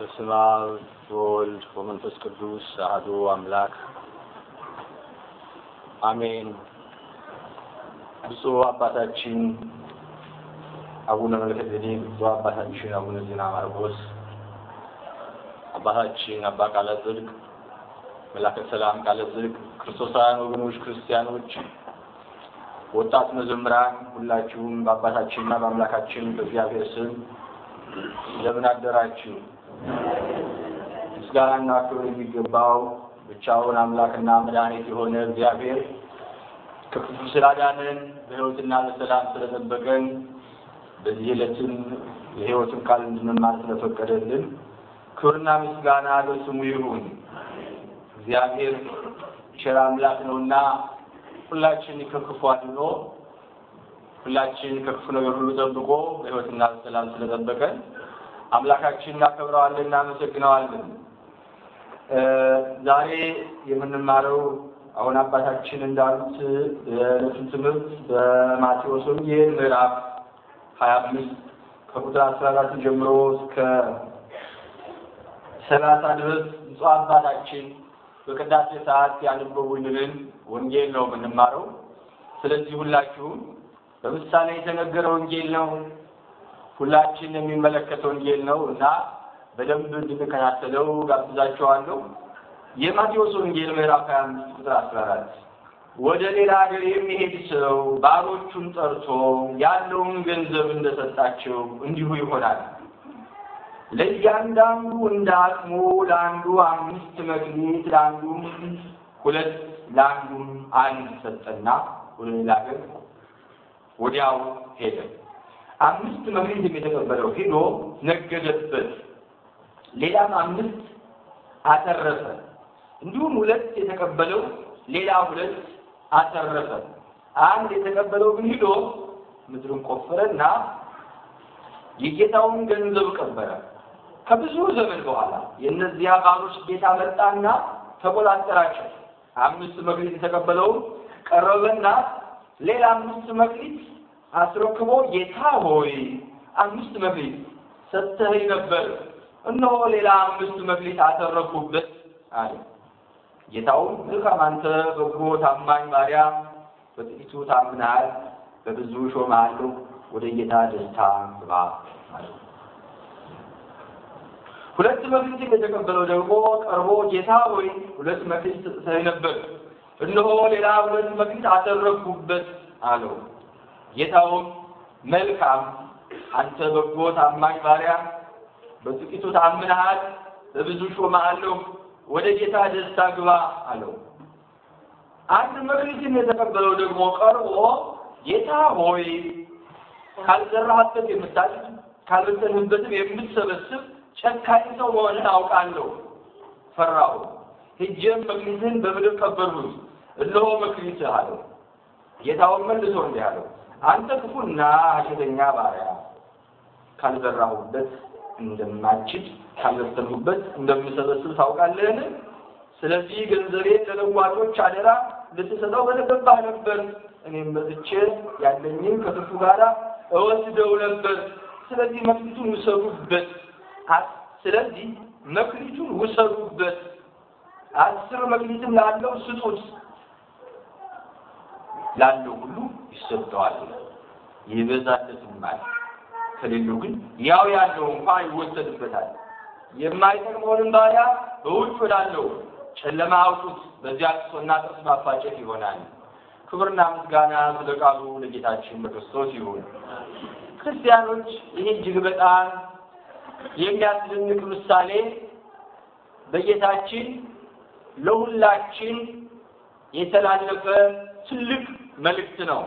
በስመ አብ ወወልድ ወመንፈስ ቅዱስ አህዱ አምላክ አሜን። ብፁዕ አባታችን አቡነ መልከ ብፁዕ አባታችን አቡነ ዜና ማርቆስ፣ አባታችን አባ ቃለ ጽድቅ መላከ ሰላም ቃለ ጽድቅ፣ ክርስቶሳውያን ወገኖች፣ ክርስቲያኖች፣ ወጣት መዘምራን ሁላችሁም በአባታችንና በአምላካችን በእግዚአብሔር ስም ለምን አደራችሁ? ምስጋናና ክብር የሚገባው ብቻውን አምላክና መድኃኒት የሆነ እግዚአብሔር ከክፉ ስላዳነን በሕይወትና በሰላም ስለጠበቀን በዚህ ዕለትም የሕይወትን ቃል እንድንማር ስለፈቀደልን ክብርና ምስጋና ለስሙ ይሁን። እግዚአብሔር ቸር አምላክ ነውና ሁላችን ከክፉ አድኖ ሁላችን ከክፉ ነገር ሁሉ ጠብቆ በሕይወትና በሰላም ስለጠበቀን አምላካችን እናከብረዋለን፣ እናመሰግነዋለን። ዛሬ የምንማረው አሁን አባታችን እንዳሉት የዕለቱን ትምህርት በማቴዎስ ወንጌል ምዕራፍ ሀያ አምስት ከቁጥር አስራ አራት ጀምሮ እስከ ሰላሳ ድረስ ብፁዕ አባታችን በቅዳሴ ሰዓት ያነበቡልንን ወንጌል ነው የምንማረው። ስለዚህ ሁላችሁም በምሳሌ የተነገረ ወንጌል ነው፣ ሁላችን የሚመለከት ወንጌል ነው እና በደንብ እንድንከታተለው ጋብዛቸዋለሁ። የማቴዎስ ወንጌል ምዕራፍ አምስት ቁጥር አራት ወደ ሌላ ሀገር የሚሄድ ሰው ባሮቹን ጠርቶ ያለውን ገንዘብ እንደሰጣቸው እንዲሁ ይሆናል። ለእያንዳንዱ እንደ አቅሙ ለአንዱ አምስት መክሊት፣ ለአንዱም ሁለት፣ ለአንዱም አንድ ሰጠና ወደ ሌላ ሀገር ወዲያው ሄደ። አምስት መክሊት የተቀበለው ሄዶ ነገደበት። ሌላም አምስት አተረፈ። እንዲሁም ሁለት የተቀበለው ሌላ ሁለት አተረፈ። አንድ የተቀበለው ግን ሂዶ ምድሩን ቆፈረና የጌታውን ገንዘብ ቀበረ። ከብዙ ዘመን በኋላ የእነዚያ ባሮች ጌታ መጣና ተቆጣጠራቸው። አምስት መክሊት የተቀበለውን ቀረበና ሌላ አምስት መክሊት አስረክቦ ጌታ ሆይ አምስት መክሊት ሰጥተኸኝ ነበር እነሆ ሌላ አምስት መክሊት አተረፉበት አለ። ጌታውም መልካም አንተ በጎ ታማኝ ባሪያ፣ በጥቂቱ ታምናል፣ በብዙ ሾምሃለሁ፣ ወደ ጌታ ደስታ ግባ አለው። ሁለት መክሊት የተቀበለው ደግሞ ቀርቦ ጌታ ሆይ ሁለት መክሊት ሰጥተኸኝ ነበር፣ እነሆ ሌላ ሁለት መክሊት አተረፍኩበት አለው። ጌታውም መልካም አንተ በጎ ታማኝ ባሪያ በጥቂቱ ታምነሃል፣ በብዙ ሾምሃለሁ፣ ወደ ጌታ ደስታ ግባ አለው። አንድ መክሊትን የተቀበለው ደግሞ ቀርቦ ጌታ ሆይ ካልዘራህበት የምታጭድ ካልበተንህበትም የምትሰበስብ ጨካኝ ሰው መሆንህን አውቃለሁ። ፈራሁ። ሂጄም መክሊትህን በምድር ቀበልሁት። እነሆ መክሊትህ አለው። ጌታውን መልሶ እንዲህ አለው፣ አንተ ክፉና ሐሰተኛ ባሪያ ካልዘራሁበት እንደማችል ካመሰሉበት እንደምሰበስብ ታውቃለህን? ስለዚህ ገንዘቤ ለለዋጮች አደራ ልትሰጠው በተገባህ ነበር። እኔም መጥቼ ያለኝን ከትርፉ ጋር እወስደው ነበር። ስለዚህ መክሊቱን ውሰዱበት። ስለዚህ መክሊቱን ውሰዱበት። አስር መክሊትም ላለው ስጡት፣ ላለው ሁሉ ይሰጠዋል፣ ይበዛለትማል። ከሌለው ግን ያው ያለው እንኳ ይወሰድበታል። የማይጠቅመውንም ባሪያ በውጭ ወዳለው ጨለማ አውጡት፣ በዚያ ልቅሶና ጥርስ ማፋጨት ይሆናል። ክብርና ምስጋና ስለ ቃሉ ለጌታችን በክርስቶስ ይሁን። ክርስቲያኖች፣ ይሄ እጅግ በጣም የሚያስደንቅ ምሳሌ በጌታችን ለሁላችን የተላለፈ ትልቅ መልእክት ነው።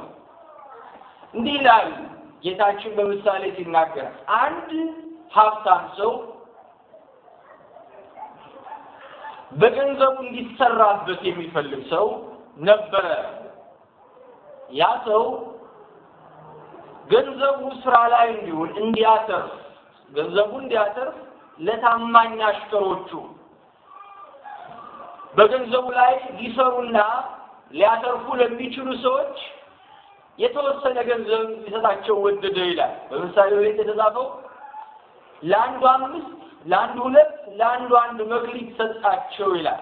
እንዲህ ይላል ጌታችን በምሳሌ ሲናገር አንድ ሀብታም ሰው በገንዘቡ እንዲሰራበት የሚፈልግ ሰው ነበረ። ያ ሰው ገንዘቡ ስራ ላይ እንዲውል እንዲያተርፍ ገንዘቡ እንዲያተርፍ ለታማኝ አሽከሮቹ በገንዘቡ ላይ ሊሰሩና ሊያተርፉ ለሚችሉ ሰዎች የተወሰነ ገንዘብ ሊሰጣቸው ወደደ ይላል። በምሳሌ ቤት የተጻፈው ለአንዱ አምስት፣ ለአንዱ ሁለት፣ ለአንዱ አንድ መክሊት ሰጣቸው ይላል።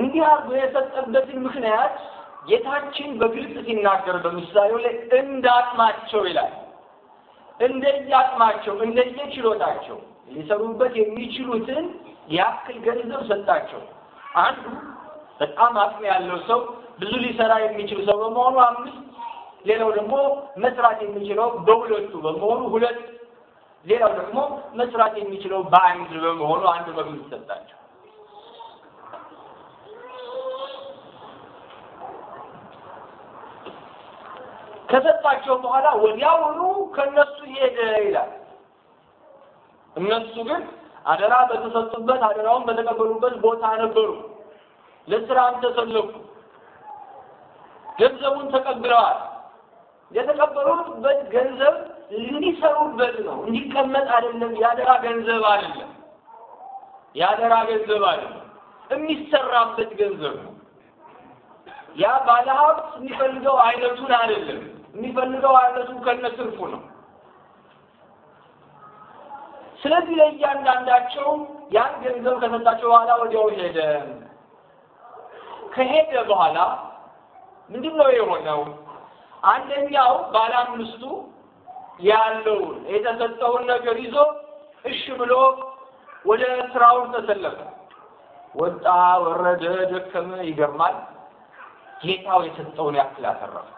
እንዲህ አድርጎ የሰጠበትን ምክንያት ጌታችን በግልጽ ሲናገር በምሳሌው ላይ እንዳቅማቸው ይላል። እንደየአቅማቸው እንደየችሎታቸው ሊሰሩበት የሚችሉትን ያክል ገንዘብ ሰጣቸው። አንዱ በጣም አቅም ያለው ሰው ብዙ ሊሰራ የሚችል ሰው በመሆኑ አምስት፣ ሌላው ደግሞ መስራት የሚችለው በሁለቱ በመሆኑ ሁለት፣ ሌላው ደግሞ መስራት የሚችለው በአንድ በመሆኑ አንድ በግ ይሰጣቸው። ከሰጣቸው በኋላ ወዲያውኑ ከነሱ ሄደ ይላል። እነሱ ግን አደራ በተሰጡበት አደራውን በተቀበሉበት ቦታ ነበሩ። ለስራም አልተሰለፉ። ገንዘቡን ተቀብለዋል። የተቀበሉበት ገንዘብ እንዲሰሩበት ነው፣ እንዲቀመጥ አይደለም። ያደራ ገንዘብ አይደለም፣ ያደራ ገንዘብ አይደለም፣ የሚሰራበት ገንዘብ ነው። ያ ባለሀብት የሚፈልገው አይነቱን አይደለም፣ የሚፈልገው አይነቱ ከነ ትርፉ ነው። ስለዚህ ለእያንዳንዳቸው ያን ገንዘብ ከሰጣቸው በኋላ ወዲያው ሄደ ከሄደ በኋላ ምንድን ነው የሆነው? አንደኛው ባለአምስቱ አምስቱ ያለውን የተሰጠውን ነገር ይዞ እሺ ብሎ ወደ ስራውን ተሰለፈ። ወጣ፣ ወረደ፣ ደከመ። ይገርማል። ጌታው የሰጠውን ያክል አተረፈ።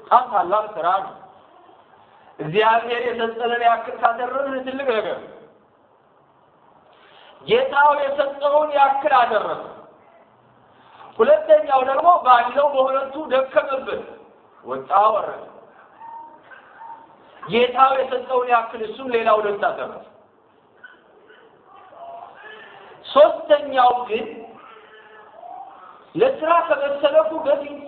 በጣም ታላቅ ስራ ነው። እግዚአብሔር የሰጠንን ያክል ካደረግን ትልቅ ነገር ጌታው የሰጠውን ያክል አደረገ። ሁለተኛው ደግሞ ባለው በሁለቱ ደከመብን፣ ወጣ ወረ ጌታው የሰጠውን ያክል እሱም ሌላ ሁለት አተረፈ። ሶስተኛው ግን ለስራ ከመሰለፉ በፊት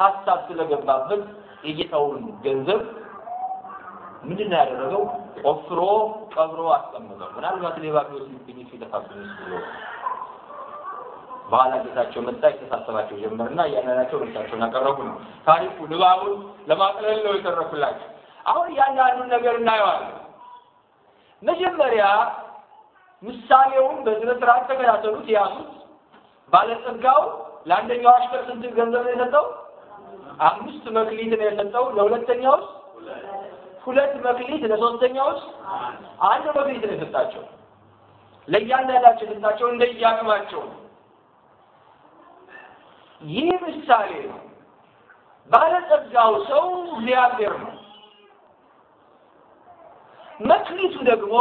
ሀሳብ ስለገባበት የጌታውን ገንዘብ ምንድን ያደረገው? ቆፍሮ ቀብሮ አስቀምጠው። ምናልባት ሌባ ቢወስድብኝ ይጠፋብኝ ብሎ በኋላ ጌታቸው መጣ፣ የተሳሰባቸው ጀመርና እያንዳንዳቸው ርሳቸውን አቀረቡ ነው ታሪኩ። ድባቡን ለማቅለል ነው የተረኩላቸው። አሁን እያንዳንዱን ነገር እናየዋለን። መጀመሪያ ምሳሌውን በስነ ስርዓት ተከታተሉት፣ ያዙት። ባለጸጋው ለአንደኛው አሽከር ስንት ገንዘብ ነው የሰጠው? አምስት መክሊት ነው የሰጠው። ለሁለተኛውስ ሁለት መክሊት፣ ለሶስተኛውስ አንድ መክሊት ነው የሰጣቸው። ለእያንዳንዳቸው ልታቸው እንደየአቅማቸው ነው። ይህ ምሳሌ ነው። ባለጸጋው ሰው እግዚአብሔር ነው። መክሊቱ ደግሞ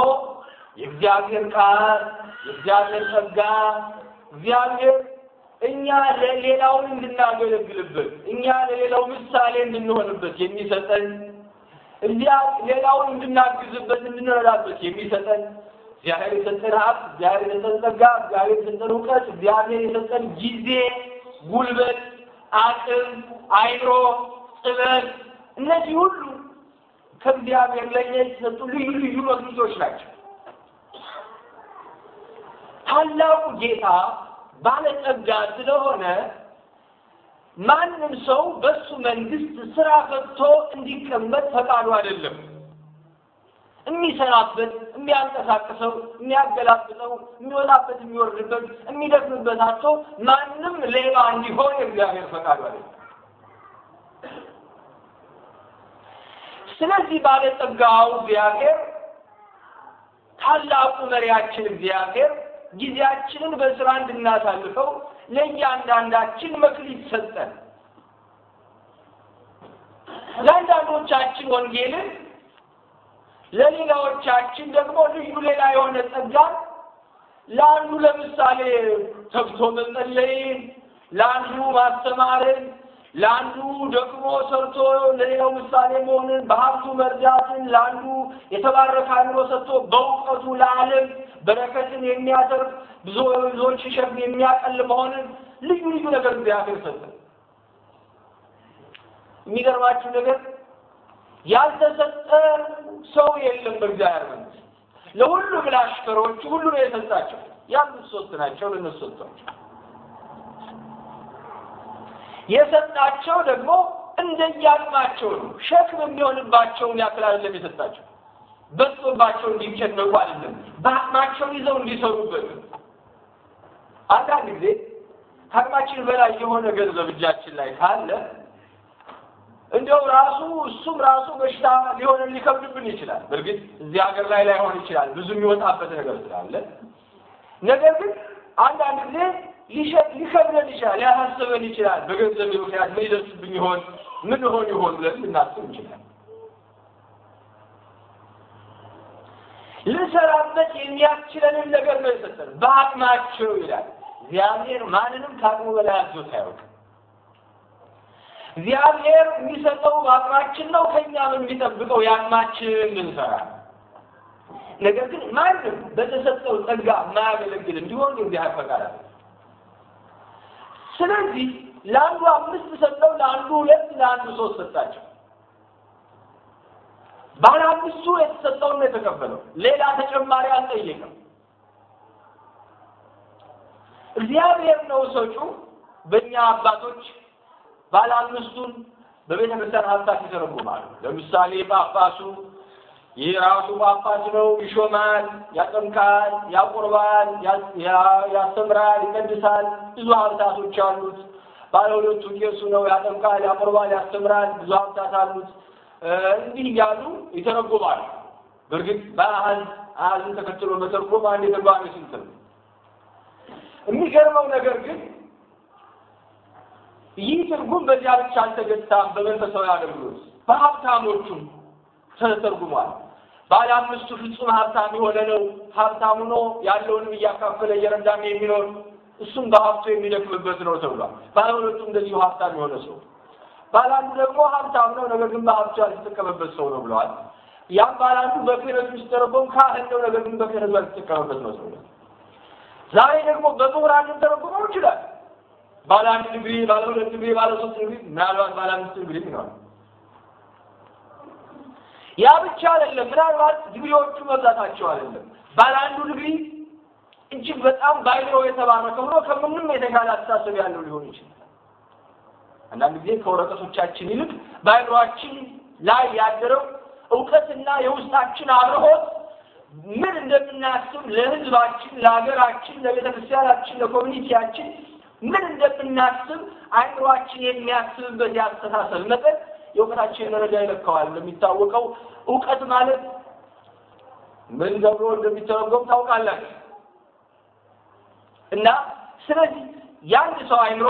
የእግዚአብሔር ቃል፣ የእግዚአብሔር ጸጋ፣ እግዚአብሔር እኛ ለሌላውን እንድናገለግልበት፣ እኛ ለሌላው ምሳሌ እንድንሆንበት የሚሰጠን ሌላውን እንድናግዝበት፣ እንድንረዳበት የሚሰጠን እግዚአብሔር የሰጠን ሀብት፣ እግዚአብሔር የሰጠን ጸጋ፣ እግዚአብሔር የሰጠን እውቀት፣ እግዚአብሔር የሰጠን ጊዜ ጉልበት፣ አቅም፣ አይሮ ጥበብ፣ እነዚህ ሁሉ ከእግዚአብሔር ለእኛ የተሰጡ ልዩ ልዩ መግቢቶች ናቸው። ታላቁ ጌታ ባለጸጋ ስለሆነ ማንም ሰው በሱ መንግስት ስራ ፈትቶ እንዲቀመጥ ፈቃዱ አይደለም። የሚሰራበት፣ የሚያንቀሳቅሰው፣ የሚያገላብጠው፣ የሚወጣበት፣ የሚወርድበት፣ የሚደክምበታቸው ማንም ሌባ እንዲሆን የእግዚአብሔር ፈቃዱ አይደለም። ስለዚህ ባለጸጋው እግዚአብሔር ታላቁ መሪያችን እግዚአብሔር ጊዜያችንን በስራ እንድናሳልፈው ለእያንዳንዳችን መክሊት ሰጠን። ለአንዳንዶቻችን ወንጌልን ለሌላዎቻችን ደግሞ ልዩ ሌላ የሆነ ጸጋን ለአንዱ ለምሳሌ ተብቶ መጸለይን፣ ለአንዱ ማስተማርን፣ ለአንዱ ደግሞ ሰርቶ ለሌላው ምሳሌ መሆንን፣ በሀብቱ መርዳትን፣ ለአንዱ የተባረከ አእምሮ ሰጥቶ በእውቀቱ ለዓለም በረከትን የሚያደርግ ብዙዎች ሸክም የሚያቀል መሆንን ልዩ ልዩ ነገር እግዚአብሔር ሰጠ። የሚገርማችሁ ነገር ያልተሰጠ ሰው የለም በእግዚአብሔር መንግስት። ለሁሉ ብላሽከሮች ሁሉ ነው የሰጣቸው። ያሉት ሶስት ናቸው፣ ለእነሱ ሰጥቷቸው። የሰጣቸው ደግሞ እንደየአቅማቸው ነው። ሸክም የሚሆንባቸውን ያክል አይደለም የሰጣቸው። በዝቶባቸው እንዲጨነቁ አይደለም፣ በአቅማቸው ይዘው እንዲሰሩበት። አንዳንድ ጊዜ ከአቅማችን በላይ የሆነ ገንዘብ እጃችን ላይ ካለ እንዲያው ራሱ እሱም ራሱ በሽታ ሊሆን ሊከብድብን ይችላል። በእርግጥ እዚህ ሀገር ላይ ላይሆን ይችላል ብዙ የሚወጣበት ነገር ስላለ፣ ነገር ግን አንዳንድ ጊዜ ሊከብደን ይችላል፣ ሊያሳስበን ይችላል። በገንዘብ ምክንያት ምን ይደርስብኝ ይሆን ምን ሆን ይሆን ብለን ልናስብ ይችላል። ልንሰራበት የሚያስችለንን ነገር ነው የሰጠን በአቅማቸው ይላል። እግዚአብሔር ማንንም ከአቅሙ በላይ አዞት አያውቅም። እግዚአብሔር የሚሰጠው አቅማችን ነው። ከእኛም የሚጠብቀው ያቅማችን ልንሰራ ነገር ግን ማንም በተሰጠው ጸጋ የማያገለግል እንዲሆን እግዚአብሔር ፈቃድ። ስለዚህ ለአንዱ አምስት ሰጠው፣ ለአንዱ ሁለት፣ ለአንዱ ሶስት ሰጣቸው። ባለ አምስቱ የተሰጠውን ነው የተቀበለው። ሌላ ተጨማሪ አልጠየቀም። እግዚአብሔር ነው ሰጩ በእኛ አባቶች ባለ አምስቱን በቤተ ክርስቲያን ሀብታት ይተረጉማል ለምሳሌ ጳጳሱ ይህ ራሱ ጳጳስ ነው፣ ይሾማል፣ ያጠምቃል፣ ያቆርባል፣ ያስተምራል፣ ይቀድሳል። ብዙ ሀብታቶች አሉት። ባለ ሁለቱ ቄሱ ነው፣ ያጠምቃል፣ ያቆርባል፣ ያስተምራል። ብዙ ሀብታት አሉት። እንዲህ እያሉ ይተረጉማሉ። በእርግጥ በአህዝ አህዝን ተከትሎ መተርጎም አንድ የተርጓሚ ስንት ነው። የሚገርመው ነገር ግን ይህ ትርጉም በዚያ ብቻ አልተገታም። በመንፈሳዊ አገልግሎት በሀብታሞቹም ተተርጉሟል። ባለ አምስቱ ፍጹም ሀብታም የሆነ ነው። ሀብታም ሆኖ ያለውንም እያካፈለ እየረዳም የሚኖር እሱም በሀብቱ የሚደክምበት ነው ተብሏል። ባለ ሁለቱ እንደዚሁ ሀብታም የሆነ ሰው፣ ባለ አንዱ ደግሞ ሀብታም ነው፣ ነገር ግን በሀብቱ ያልተጠቀመበት ሰው ነው ብለዋል። ያም ባለ አንዱ በክህነት ሲተረጎም ካህን ነው፣ ነገር ግን በክህነቱ ያልተጠቀመበት ነው ተብሏል። ዛሬ ደግሞ በምሁራን ተረጉመው ይችላል ባለ አንድ ዲግሪ፣ ባለ ሁለት ዲግሪ፣ ባለ ሶስት ዲግሪ፣ ምናልባት ባለ አምስት ዲግሪ ይሆናል። ያ ብቻ አይደለም። ምናልባት ዲግሪዎቹ መብዛታቸው አይደለም። ባለ አንዱ ዲግሪ እጅግ በጣም ባይሮ የተባረከ ሆኖ ከምንም የተሻለ አስተሳሰብ ያለው ሊሆን ይችላል። አንዳንድ ጊዜ ከወረቀቶቻችን ይልቅ ባይሮአችን ላይ ያደረው እውቀትና የውስጣችን አብርሆት ምን እንደምናስብ ለህዝባችን፣ ለሀገራችን፣ ለቤተክርስቲያናችን፣ ለኮሚኒቲያችን ምን እንደምናስብ አይምሯችን የሚያስብበት የአስተሳሰብ መጠን የእውቀታችን ደረጃ ይለካዋል። እንደሚታወቀው እውቀት ማለት ምን ገብሮ እንደሚተረጎም ታውቃላችሁ። እና ስለዚህ የአንድ ሰው አይምሮ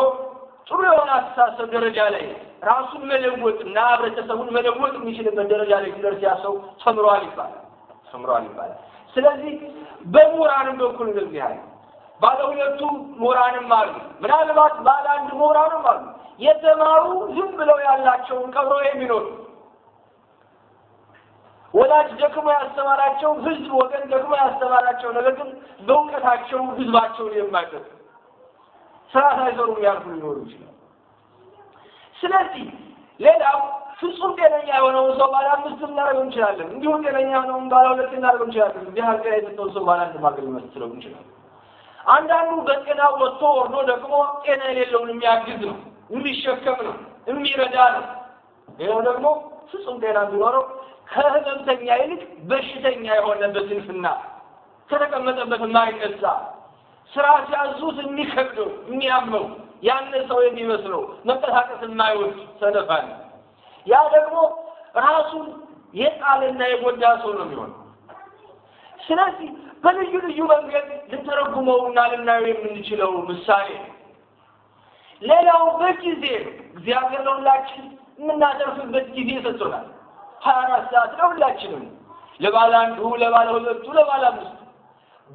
ጥሩ የሆነ አስተሳሰብ ደረጃ ላይ ራሱን መለወጥ እና ህብረተሰቡን መለወጥ የሚችልበት ደረጃ ላይ ሲደርስ ያ ሰው ተምሯል ይባላል ተምሯል ይባላል። ስለዚህ በምሁራንም በኩል እንደዚህ ያለ ባለ ሁለቱ ምሁራንም አሉ። ምናልባት ባለ አንድ ምሁራንም አሉ። የተማሩ ዝም ብለው ያላቸውን ቀብሮ የሚኖሩ ወላጅ ደክሞ ያስተማራቸው ህዝብ ወገን ደክሞ ያስተማራቸው፣ ነገር ግን በእውቀታቸው ህዝባቸውን የማይደርሱ ስራ ሳይሰሩ ያልፉ ሊኖሩ ይችላል። ስለዚህ ሌላው ፍጹም ጤነኛ የሆነውን ሰው ባለ አምስት ልናደርገው እንችላለን። እንዲሁም ጤነኛ የሆነውን ባለ ሁለት ልናደርገው እንችላለን። እንዲህ አልጋ የሰጠውን ሰው ባለ አንድ ማገል መስለው እንችላለን። አንዳንዱ በጤናው ወጥቶ ወርዶ ደግሞ ጤና የሌለውን የሚያግዝ ነው፣ የሚሸከም ነው፣ የሚረዳ ነው። ይኸው ደግሞ ፍጹም ጤና ቢኖረው ከህመምተኛ ይልቅ በሽተኛ የሆነበት ስንፍና ከተቀመጠበት የማይነሳ ስራ ሲያዙት የሚከብደው የሚያመው ያን ሰው የሚመስለው መንቀሳቀስ የማይወድ ሰነፋል። ያ ደግሞ ራሱን የጣለና የጎዳ ሰው ነው የሚሆነው። ስለዚህ በልዩ ልዩ መንገድ ልተረጉመውና ልናየው የምንችለው ምሳሌ ሌላው በጊዜ እግዚአብሔር ለሁላችን የምናደርፍበት ጊዜ ሰጥቶናል። ሀያ አራት ሰዓት ለሁላችንም፣ ለባለ አንዱ፣ ለባለ ሁለቱ፣ ለባለ አምስቱ።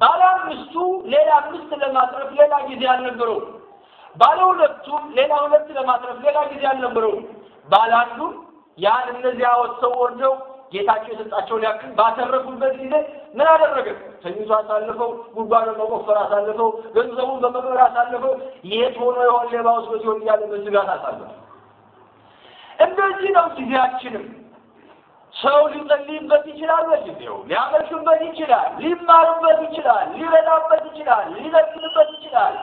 ባለ አምስቱ ሌላ አምስት ለማትረፍ ሌላ ጊዜ አልነበረው። ባለ ሁለቱ ሌላ ሁለት ለማትረፍ ሌላ ጊዜ አልነበረው። ባለ አንዱ ያን እነዚያ ወጥተው ወርደው ጌታቸው የሰጣቸውን ያክል ባተረፉበት ጊዜ ምን አደረገ? ተኝቶ አሳልፈው፣ ጉድጓዱን መቆፈር አሳልፈው፣ ገንዘቡን በመቅበር አሳልፈው፣ የት ሆኖ የሆን ሌባ ውስጥ ሲሆን እያለ በስጋት አሳልፈው። እንደዚህ ነው ጊዜያችንም። ሰው ሊጸልይበት ይችላል፣ በጊዜው ሊያመልክበት ይችላል፣ ሊማርበት ይችላል፣ ሊረዳበት ይችላል፣ ሊዘግንበት ይችላል፣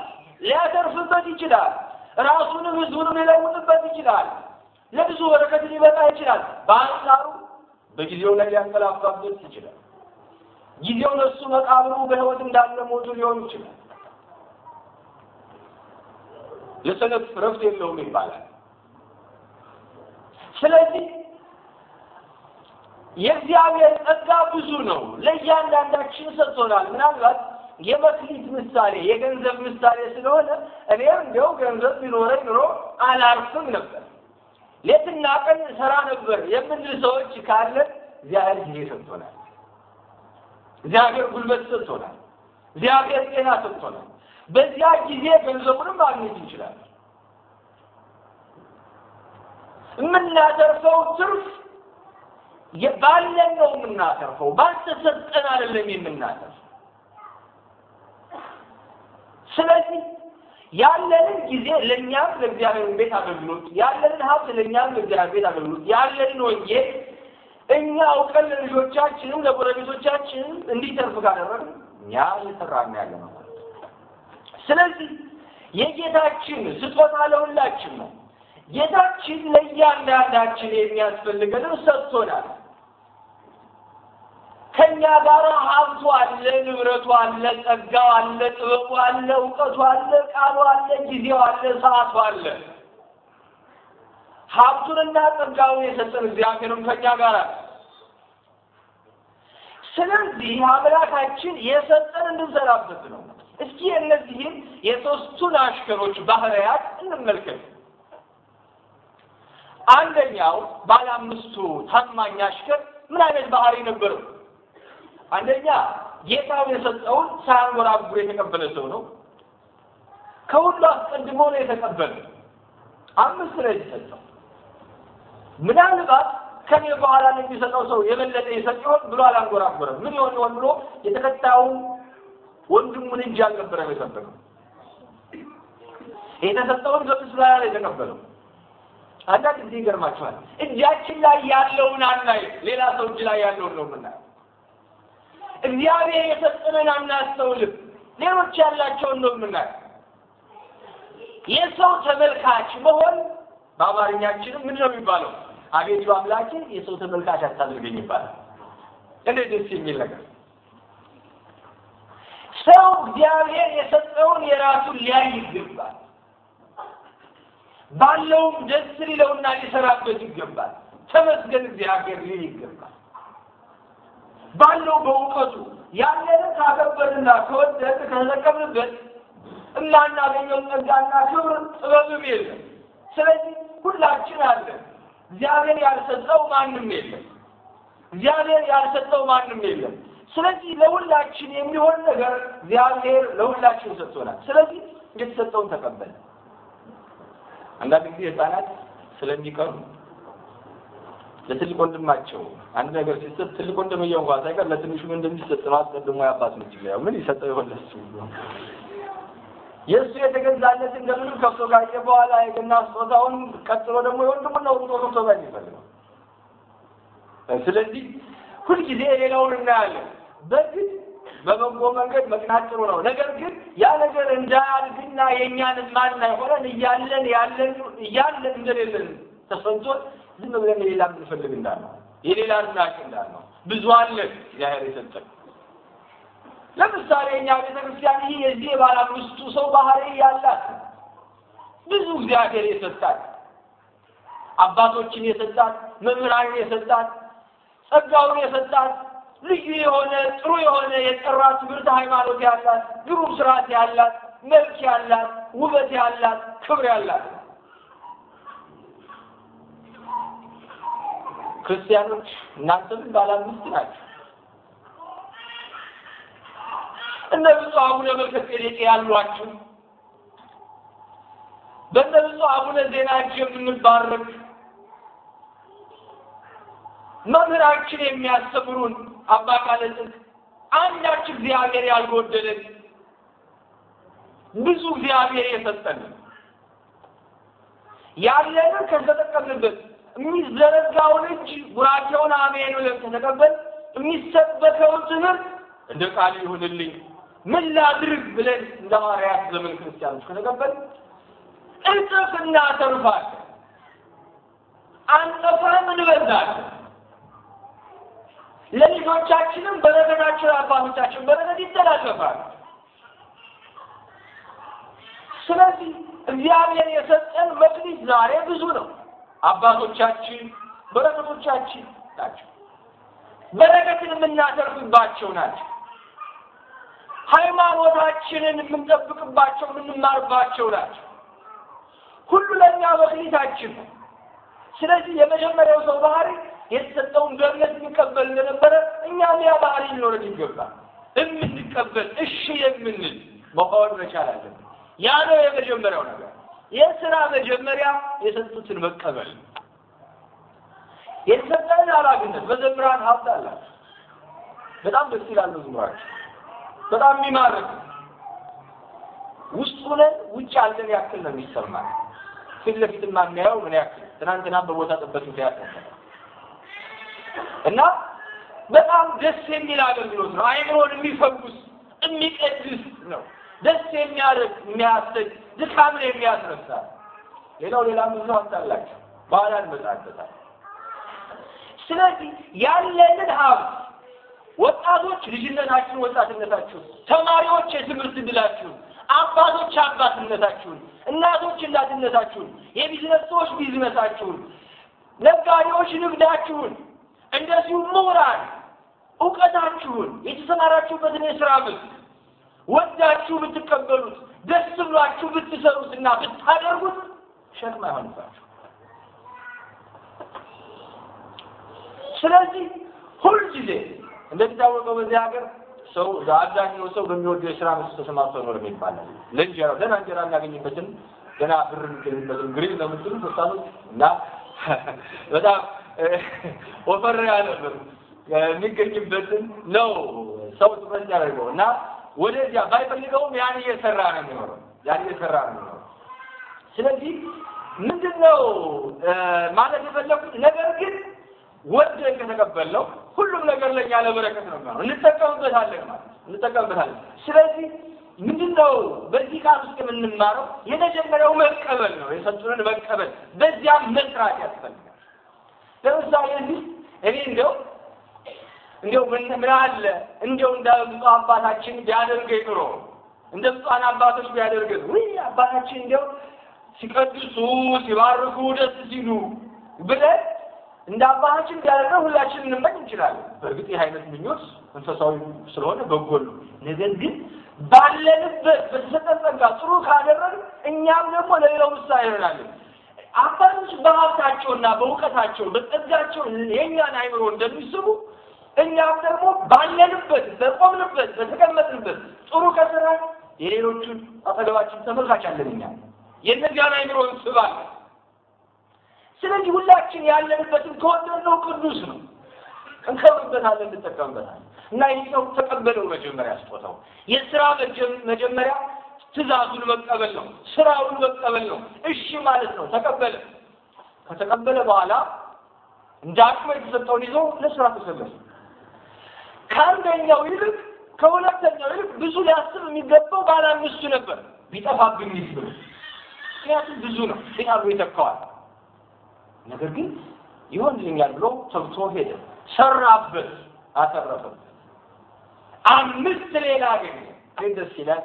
ሊያተርፍበት ይችላል፣ ራሱንም ህዝቡንም ሊለውጥበት ይችላል፣ ለብዙ በረከት ሊበጣ ይችላል። በአንጻሩ በጊዜው ላይ ሊያንቀላፋበት ይችላል። ጊዜው ለሱ መቃብሩ በህይወት እንዳለ ሞቱ ሊሆን ይችላል። ለሰነፍ ረፍት የለውም ይባላል። ስለዚህ የእግዚአብሔር ጸጋ ብዙ ነው፣ ለእያንዳንዳችን ሰጥቶናል። ምናልባት የመክሊት ምሳሌ የገንዘብ ምሳሌ ስለሆነ እኔም እንዲያው ገንዘብ ቢኖረኝ ኑሮ አላርፍም ነበር ሌትና ቀን ሰራ ነበር የምንል ሰዎች ካለን እግዚአብሔር ጊዜ ሰጥቶናል። እግዚአብሔር ጉልበት ሰጥቶናል። እግዚአብሔር ጤና ሰጥቶናል። በዚያ ጊዜ ገንዘቡንም ማግኘት እንችላለን። የምናተርፈው ትርፍ ባለን ነው የምናተርፈው፣ ባልተሰጠን አይደለም የምናተርፈው። ስለዚህ ያለንን ጊዜ ለእኛም ለእግዚአብሔር ቤት አገልግሎት፣ ያለንን ሀብት ለእኛም ለእግዚአብሔር ቤት አገልግሎት፣ ያለንን ወንጌል እኛ አውቀን ለልጆቻችንም ለጎረቤቶቻችንም እንዲተርፍ ካደረግን እኛ ነው ያለ ነው። ስለዚህ የጌታችን ስጦታ ለሁላችን ነው። ጌታችን ለእያንዳንዳችን የሚያስፈልገንም ሰጥቶናል። ከእኛ ጋር ሀብቱ አለ፣ ንብረቱ አለ፣ ጸጋው አለ፣ ጥበቡ አለ፣ እውቀቱ አለ፣ ቃሉ አለ፣ ጊዜው አለ፣ ሰዓቱ አለ። ሀብቱንና ጸጋውን የሰጠን እግዚአብሔርም ከእኛ ጋር ስለዚህ አምላካችን የሰጠን እንድንሰራበት ነው። እስኪ እነዚህም የሶስቱን አሽከሮች ባህሪያት እንመልከት። አንደኛው ባለ አምስቱ ታማኝ አሽከር ምን አይነት ባህሪ ነበረው? አንደኛ ጌታው የሰጠውን ሳያንጎራጉር የተቀበለ ሰው ነው። ከሁሉ አስቀድሞ ነው የተቀበለ። አምስት ነው የተሰጠው። ምናልባት ከኔ በኋላ ነው የሚሰጠው ሰው የበለጠ የሰጥ ይሆን ብሎ አላንጎራጎረም። ምን ይሆን ይሆን ብሎ የተከታዩን ወንድሙን እንጂ አልነበረም የጠበቀው። የተሰጠውን በምስሉ ላይ ነው የተቀበለው። አንዳንድ ጊዜ ይገርማችኋል። እጃችን ላይ ያለውን አናይ፣ ሌላ ሰው እጅ ላይ ያለውን ነው የምናየው። እግዚአብሔር የሰጠንን አናስተውልም። ሌሎች ያላቸውን ነው የምናየው የሰው ተመልካች መሆን በአማርኛችንም ምንድን ነው የሚባለው? አቤቱ አምላኬ የሰው ተመልካች አታድርገኝ ይባላል። እንዴት ደስ የሚል ነገር! ሰው እግዚአብሔር የሰጠውን የራሱን ሊያይ ይገባል። ባለውም ደስ ሊለውና ሊሰራበት ይገባል። ተመስገን እግዚአብሔር ሊል ይገባል። ባለው በእውቀቱ ያለን ካገበድና ከወደድ እና እናናገኘው ጸጋና ክብር ጥበብም የለም። ስለዚህ ሁላችን አለን። እግዚአብሔር ያልሰጠው ማንም የለም። እግዚአብሔር ያልሰጠው ማንም የለም። ስለዚህ ለሁላችን የሚሆን ነገር እግዚአብሔር ለሁላችን ሰጥቶናል። ስለዚህ እንደተሰጠውን ተቀበል። አንዳንድ ጊዜ ህጻናት ስለሚቀሩ ለትልቅ ወንድማቸው አንድ ነገር ሲሰጥ ትልቅ ወንድም ወንድምየው እንኳን ሳይቀር ለትንሹ እንደሚሰጥ ነው አስቀድሞ ያባት ነው ይችላል። ምን ይሰጠው ይሆን ለሱ? የእሱ የተገዛለት እንደምንም ከብቶ ካየ በኋላ የገና ስጦታውን ቀጥሎ ደግሞ የወንድሙን ነው ሩጦ ሩጦ ጋር ይፈልጋል ስለዚህ ሁልጊዜ ሌላውን እናያለን። በግድ በበጎ መንገድ መቅናት ጥሩ ነው። ነገር ግን ያ ነገር እንዳያድግና የእኛን ማና ሆነን እያለን ያለን እያለን እንደሌለን ተሰምቶን ዝም ብለን የሌላ ምንፈልግ እንዳልነው የሌላ ናሽ እንዳልነው ብዙ አለ እግዚአብሔር የሰጠን። ለምሳሌ እኛ ቤተክርስቲያን ይህ የዚህ የባለ አምስቱ ሰው ባህሪ ያላት ብዙ እግዚአብሔር የሰጣት አባቶችን የሰጣት መምህራንን የሰጣት ጸጋውን የሰጣት ልዩ የሆነ ጥሩ የሆነ የጠራ ትምህርት ሃይማኖት ያላት ግሩም ስርዓት ያላት መልክ ያላት ውበት ያላት ክብር ያላት ክርስቲያኖች እናንተም ባለአምስት ናቸው። እነ ብፁዕ አቡነ መልከጼዴቅ ያሏችሁ በእነ ብፁዕ አቡነ ዜና እጅ የምንባረክ መምህራችን የሚያስተምሩን አባ ቃለ ጽድቅ አንዳች እግዚአብሔር ያልጎደለን ብዙ እግዚአብሔር የሰጠን ያለንን ከተጠቀምንበት የሚዘረጋውን እጅ ቡራኬውን አሜን ብለን ተቀበል፣ የሚሰበከውን ትምህርት እንደ ቃል ይሁንልኝ ምን ላድርግ ብለን እንደ ሐዋርያት ዘመን ክርስቲያኖች ከተቀበል እጥፍ እናተርፋለን። አንጠፋም፣ እንበዛለን። ለልጆቻችንም በረከታቸው አባቶቻችን በረከት ይተላለፋል። ስለዚህ እግዚአብሔር የሰጠን መክሊት ዛሬ ብዙ ነው። አባቶቻችን በረከቶቻችን ናቸው። በረከትን የምናተርፍባቸው ናቸው። ሃይማኖታችንን የምንጠብቅባቸው የምንማርባቸው ናቸው። ሁሉ ለእኛ በክሊታችን ነው። ስለዚህ የመጀመሪያው ሰው ባህሪ የተሰጠውን በእምነት የሚቀበል እንደነበረ እኛም ያ ባህሪ ሊኖረን ይገባል። እምንቀበል እሺ የምንል መሆን መቻል አለብን። ያ ነው የመጀመሪያው ነገር። የስራ መጀመሪያ የሰጡትን መቀበል የተሰጠን አላግነት በዘምራን ሀብት አላቸው። በጣም ደስ ይላል መዝሙራቸው፣ በጣም የሚማርክ ውስጡ ሁነን ውጭ አለን ያክል ነው የሚሰማል። ፊት ለፊት የማናየው ምን ያክል ትናንትና በቦታ ጥበት ምክንያት ነበር እና በጣም ደስ የሚል አገልግሎት ነው። አይምሮን የሚፈውስ የሚቀድስ ነው። ደስ የሚያደርግ የሚያሰግ ድካምን የሚያስረሳ ሌላው ሌላ ብዙ አታላቸው በኋላ እንመጣበታል። ስለዚህ ያለንን ሀብት ወጣቶች ልጅነታችሁን፣ ወጣትነታችሁን፣ ተማሪዎች የትምህርት ዕድላችሁን፣ አባቶች አባትነታችሁን፣ እናቶች እናትነታችሁን፣ የቢዝነስ ሰዎች ቢዝነሳችሁን፣ ነጋዴዎች ንግዳችሁን፣ እንደዚሁ ምሁራን እውቀታችሁን፣ የተሰማራችሁበትን የስራ ምልክ ወዳችሁ ብትቀበሉት ደስ ብሏችሁ ብትሰሩት እና ብታደርጉት ሸክም አይሆንባችሁ። ስለዚህ ሁልጊዜ እንደሚታወቀው በዚህ ሀገር ሰው አብዛኛው ሰው በሚወደው የስራ መስክ ተሰማርቶ ኖር የሚባል ለእንጀራው ደህና እንጀራ የሚያገኝበትን ገና ብር የሚገኝበትን ግሪን ለምትሉ ወጣቶች እና በጣም ወፈር ያለ ብር የሚገኝበትን ነው ሰው ትኩረት ያደርገው እና ወደዚያ ባይፈልገውም ያን እየሰራ ነው የሚኖረው። ያን እየሰራ ነው የሚኖረው። ስለዚህ ምንድን ነው ማለት የፈለኩት ነገር ግን ወደ ከተቀበልነው ሁሉም ነገር ለኛ ለበረከት ነው ማለት እንጠቀምበታለን ማለት እንጠቀምበታለን። ስለዚህ ምንድነው በዚህ ቃል ውስጥ የምንማረው የመጀመሪያው መቀበል ነው። የሰጡንን መቀበል፣ በዚያም መስራት ያስፈልጋል። ለምሳሌ እኔ እንደው እንዲው ምን አለ እንዲው እንደ አባታችን ቢያደርገ ኑሮ እንደ ብፁዓን አባቶች ቢያደርገን ወይ አባታችን እንዲው ሲቀድሱ ሲባርኩ ደስ ሲሉ ብለን እንደ አባታችን ቢያደርገን ሁላችን እንመኝ እንችላለን። በእርግጥ ይህ አይነት ምኞት መንፈሳዊ ስለሆነ በጎ ነው። ነገር ግን ባለንበት በተሰጠን ጸጋ ጥሩ ካደረግ እኛም ደግሞ ለሌላው ምሳሌ ይሆናለን። አባቶች በሀብታቸውና በእውቀታቸው በጸጋቸው የእኛን አይምሮ እንደሚስቡ እኛም ደግሞ ባለንበት በቆምንበት በተቀመጥንበት ጥሩ ከስራ የሌሎቹን አጠገባችን ተመልካች አለን። እኛ የእነዚያን አይምሮ እንስባለን። ስለዚህ ሁላችን ያለንበትን ከወደድነው ቅዱስ ነው፣ እንከብርበታለን፣ እንጠቀምበታለን። እና ይህ ሰው ተቀበለው መጀመሪያ ስጦታው የስራ መጀመሪያ ትእዛዙን መቀበል ነው። ስራውን መቀበል ነው። እሺ ማለት ነው። ተቀበለ። ከተቀበለ በኋላ እንደ አቅመ የተሰጠውን ይዞ ለስራ ተሰለፈ። ከአንደኛው ይልቅ ከሁለተኛው ይልቅ ብዙ ሊያስብ የሚገባው ባለ አምስቱ ነበር። ቢጠፋብኝ ይስብ፣ ምክንያቱም ብዙ ነው፣ ሸይጣኑ ይተካዋል። ነገር ግን ይሆንልኛል ብሎ ተብቶ ሄደ። ሰራበት፣ አተረፈበት። አምስት ሌላ ግን ደስ ይላል።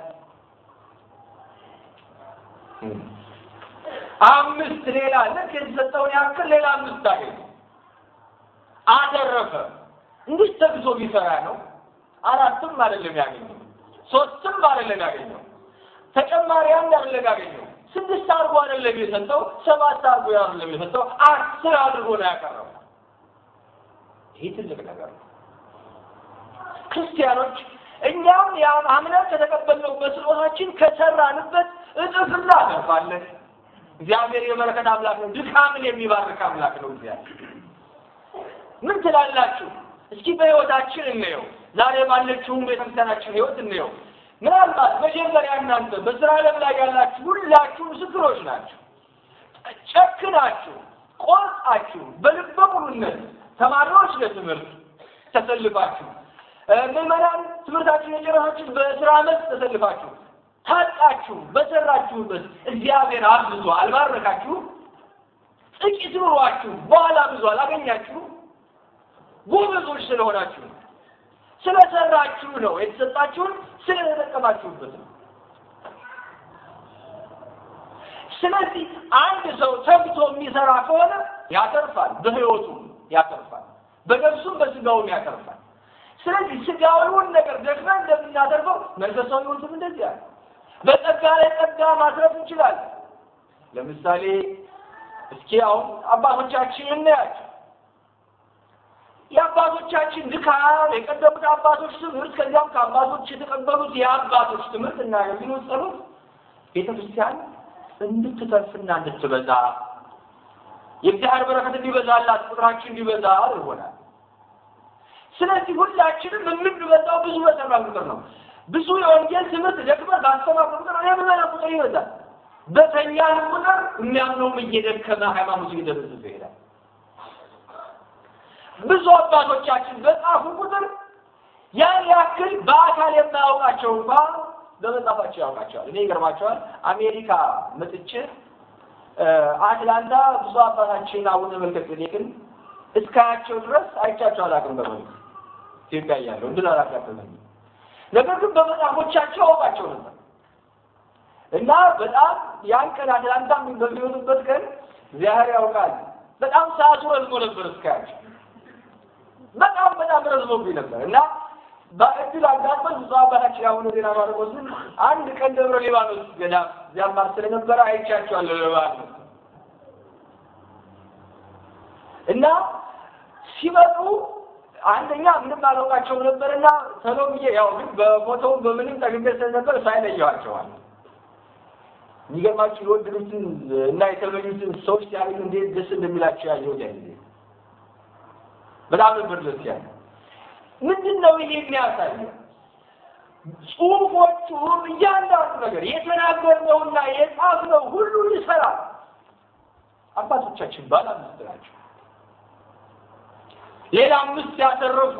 አምስት ሌላ ልክ የተሰጠውን ያክል ሌላ አምስት አገኘ፣ አተረፈ። እንዴት ተግዞ ቢሰራ ነው። አራትም አይደለም ያገኘው፣ ሶስትም አይደለም ያገኘው፣ ተጨማሪ አንድ አይደለም ያገኘው፣ ስድስት አድርጎ አይደለም የሰጠው፣ ሰባት አድርጎ አይደለም የሰጠው፣ አስር አድርጎ ነው ያቀረበው። ይህ ትልቅ ነገር ነው። ክርስቲያኖች እኛም ያው አምነን ከተቀበልነው በስርዓታችን ከሰራንበት እጥፍ እናተርፋለን። እግዚአብሔር የበረከት አምላክ ነው። ድካምን የሚባርክ አምላክ ነው። እግዚአብሔር ምን ትላላችሁ? እስኪ በህይወታችን እንየው። ዛሬ ባለችውም ቤተክርስቲያናችን ህይወት እንየው። ምናልባት መጀመሪያ እናንተ በስራ ዓለም ላይ ያላችሁ ሁላችሁ ምስክሮች ናችሁ። ጨክናችሁ ቆርጣችሁ በልበ ሙሉነት ተማሪዎች ለትምህርት ተሰልፋችሁ፣ ምዕመናን ትምህርታችሁን የጨረሳችሁ በስራ ዓመት ተሰልፋችሁ ታጣችሁ በሰራችሁበት እግዚአብሔር አብዝቶ አልባረካችሁ ጥቂት ኑሯችሁ በኋላ ብዙ አላገኛችሁም? ጎበዞች ስለሆናችሁ ነው። ስለሰራችሁ ነው የተሰጣችሁን፣ ስለተጠቀማችሁበት ነው። ስለዚህ አንድ ሰው ተግቶ የሚሰራ ከሆነ ያተርፋል፣ በህይወቱም ያተርፋል፣ በነፍሱም በስጋውም ያተርፋል። ስለዚህ ስጋዊውን ነገር ደግመ እንደምናደርገው መንፈሳዊውንም እንደዚህ ያለ በጸጋ ላይ ጸጋ ማስረፍ እንችላለን። ለምሳሌ እስኪ አሁን አባቶቻችን እናያቸው የአባቶቻችን ድካም የቀደሙት አባቶች ትምህርት ከዚያም ከአባቶች የተቀበሉት የአባቶች ትምህርት እና የሚሉት ጸሎት ቤተ ክርስቲያን እንድትተርፍና እንድትበዛ የእግዚአብሔር በረከት እንዲበዛላት ቁጥራችን እንዲበዛ ይሆናል። ስለዚህ ሁላችንም የምንበዛው ብዙ በሰራ ቁጥር ነው። ብዙ የወንጌል ትምህርት ደክመህ ባሰማ ቁጥር የምዘና ቁጥር ይበዛል። በተኛ ቁጥር የሚያምነውም እየደከመ ሃይማኖት እየደበዘዘ ይሄዳል። ብዙ አባቶቻችን በጻፉ ቁጥር ያን ያክል በአካል የማያውቃቸው እንኳ በመጻፋቸው ያውቃቸዋል። እኔ ይገርማቸዋል። አሜሪካ መጥቼ አትላንታ ብዙ አባታችን አቡነ መልከ ጼዴቅን እስካያቸው ድረስ አይቻቸው አላውቅም። በመልክ ኢትዮጵያ እያለሁ እንድን አላጋጠመኝ። ነገር ግን በመጽሐፎቻቸው አውቃቸው ነበር እና በጣም ያን ቀን አትላንታ በሚሆኑበት ቀን እግዚአብሔር ያውቃል በጣም ሰዓቱ ረዝሞ ነበር እስካያቸው በጣም በጣም ረዝሞብኝ ነበር እና በእድል አጋጠም ብዙ አባታችን አቡነ ዜና ማርቆስን አንድ ቀን ደብረ ሊባኖስ ገዳም ዚያማር ስለነበረ አይቻቸዋለሁ ለባል እና ሲመጡ አንደኛ ምንም አላውቃቸውም ነበርና ተሎ ብዬ ያው ግን በፎቶውን በምንም ጠግቤ ስለነበር ሳይለየዋቸዋል። የሚገርማችሁ የወደዱትን እና የተመኙትን ሰዎች ሲያገኙ እንዴት ደስ እንደሚላቸው ያየሁት ያ ጊዜ በጣም ነበር ደስ ያለ። ምንድን ነው ይሄ የሚያሳየው? ጽሁፎቹም እያንዳንዱ ነገር የተናገርነውና የጻፍነው ሁሉ ይሰራል። አባቶቻችን ባለ አምስት ናቸው። ሌላ አምስት ያተረፉ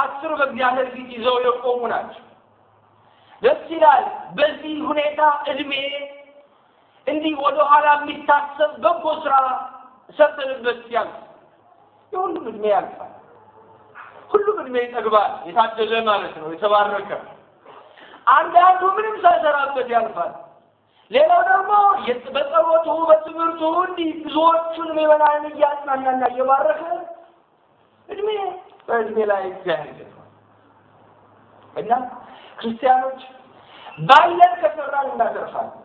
አስር በእግዚአብሔር ፊት ይዘው የቆሙ ናቸው። ደስ ይላል። በዚህ ሁኔታ እድሜ እንዲህ ወደኋላ የሚታሰብ በጎ ስራ ሰጥንበት ያልኩ የሁሉም እድሜ ያልፋል። ሁሉም እድሜ ይጠግባል። የታደለ ማለት ነው፣ የተባረከ። አንዳንዱ ምንም ሳይሰራበት ያልፋል። ሌላው ደግሞ በጸሎቱ በትምህርቱ እንዲህ ብዙዎቹን ምዕመናን እያጽናናና እየባረከ እድሜ በእድሜ ላይ እግዚአብሔር እና ክርስቲያኖች ባለን ከሰራን እናተርፋለን።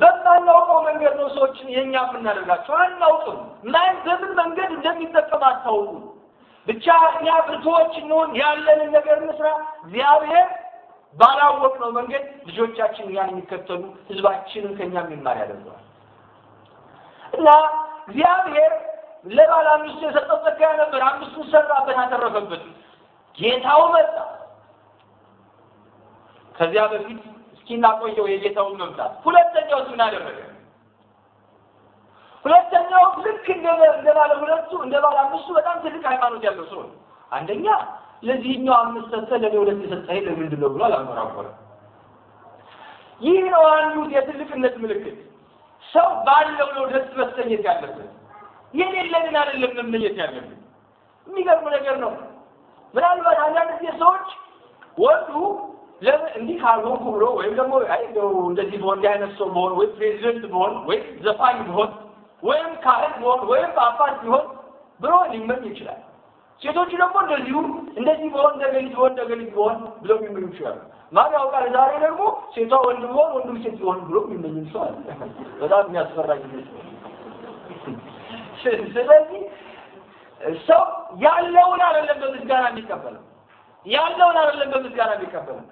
በማናውቀው መንገድ ነው ሰዎችን የእኛ የምናደርጋቸው። አናውቅም፣ ማን በምን መንገድ እንደሚጠቀም አታውቁም። ብቻ እኛ ብርቱዎች እንሆን፣ ያለንን ነገር እንስራ። እግዚአብሔር ባላወቅ ነው መንገድ ልጆቻችን እኛን የሚከተሉ ህዝባችንን ከእኛ የሚማር ያደርገዋል እና እግዚአብሔር ለባለ አምስቱ የሰጠው ጸጋ ነበር። አምስቱ ሰራበት፣ አተረፈበት። ጌታው መጣ ከዚያ በፊት እስኪናቆየው የጌታውን መምጣት። ሁለተኛውስ ምን አደረገ? ሁለተኛው ልክ እንደ ሁለቱ እንደ አምስቱ በጣም ትልቅ ሃይማኖት ያለው ሰው አንደኛ ለዚህኛው አምስት ሰጥተህ ለኔ ሁለት የሰጠኸኝ ለምንድን ነው ብሎ አላንጎራጎረ። ይህ ነው አንዱ የትልቅነት ምልክት። ሰው ባለው ነው ደስ መሰኘት ያለበት፣ የሌለንን አይደለም መመኘት ያለብን። የሚገርም ነገር ነው። ምናልባት አንዳንድ ጊዜ ሰዎች ወንዱ እንዲህ ብሎ ወይም ደግሞ እንደዚህ ብሆን ወይም ፕሬዚደንት ብሆን ወይም ዘፋኝ ብሆን ወይም ካህን ብሆን ወይም ቢሆን ብሎ ሊመኝ ይችላል። ሴቶቹ ደግሞ እንደዚሁ እንደዚህ ብሆን እንደገሊት እንደገሊት ብለው የሚመኙ ይችላሉ። ማን ያውቃል? ዛሬ ደግሞ ሴቷ ወንድ ብሆን ወንዱም ሴት ቢሆን ብሎ የሚመኙ ሰው አለ። በጣም የሚያስፈራ ጊዜ። ስለዚህ ሰው ያለውን አይደለም በምስጋና የሚቀበለው ያለውን አይደለም በምስጋና የሚቀበለው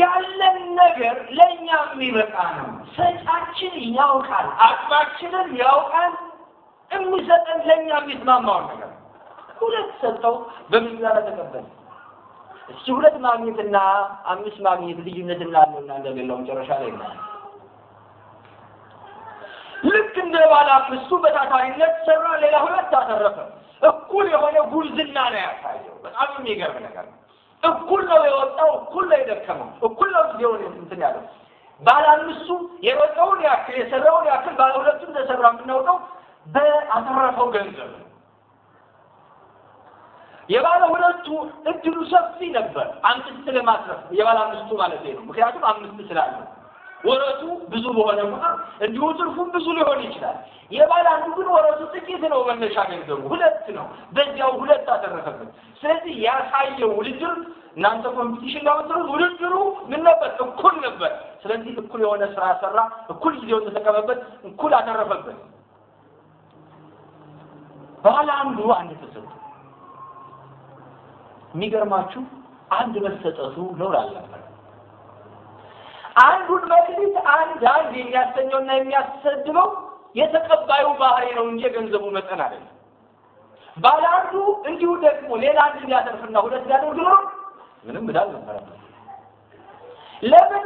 ያለን ነገር ለእኛ የሚበቃ ነው። ሰጫችን ያውቃል፣ አቅማችንን ያውቃል። የሚሰጠን ለእኛ የሚስማማው ነገር ሁለት ሰጠው በምዛና ተቀበል። እሱ ሁለት ማግኘትና አምስት ማግኘት ልዩነት እንዳለው እና እንደሌለው መጨረሻ ላይ ነው። ልክ እንደ ባለ አምስቱ በታታሪነት ሰራ፣ ሌላ ሁለት አተረፈ። እኩል የሆነ ጉልዝና ነው ያሳየው። በጣም የሚገርም ነገር ነው። እኩል ነው የወጣው፣ እኩል ነው የደከመው፣ እኩል ነው ጊዜውን እንትን ያለው። ባለ አምስቱ የወጣውን ያክል የሰራውን ያክል ባለ ሁለቱ እንደሰራ የምናውቀው በአተረፈው ገንዘብ ነው። የባለ ሁለቱ እድሉ ሰፊ ነበር፣ አምስት ለማትረፍ የባለ አምስቱ ማለት ነው። ምክንያቱም አምስት ስላለ ወረቱ ብዙ በሆነ ቁጥር እንዲሁ ትርፉም ብዙ ሊሆን ይችላል። የባለ አንዱ ግን ወረቱ ጥቂት ነው፣ መነሻ ገንዘቡ ሁለት ነው። በዚያው ሁለት አተረፈበት። ስለዚህ ያሳየው ውድድር እናንተ ኮምፒቲሽን ላወጥሩት ውድድሩ ምን ነበር? እኩል ነበር። ስለዚህ እኩል የሆነ ስራ ሰራ፣ እኩል ጊዜውን ተጠቀመበት፣ እኩል አተረፈበት። ባለ አንዱ አንድ ተሰጠ። የሚገርማችሁ አንድ መሰጠቱ ነውር አልነበረም። አንዱን መቅሊት አንድ አንድ የሚያሰኘውና የሚያሰድበው የተቀባዩ ባህሪ ነው እንጂ የገንዘቡ መጠን አይደለም። ባለ አንዱ እንዲሁ ደግሞ ሌላ አንድ ሊያተርፍና ሁለት ሊያደርግ ኖሮ ምንም እዳ ነበረ። ለምን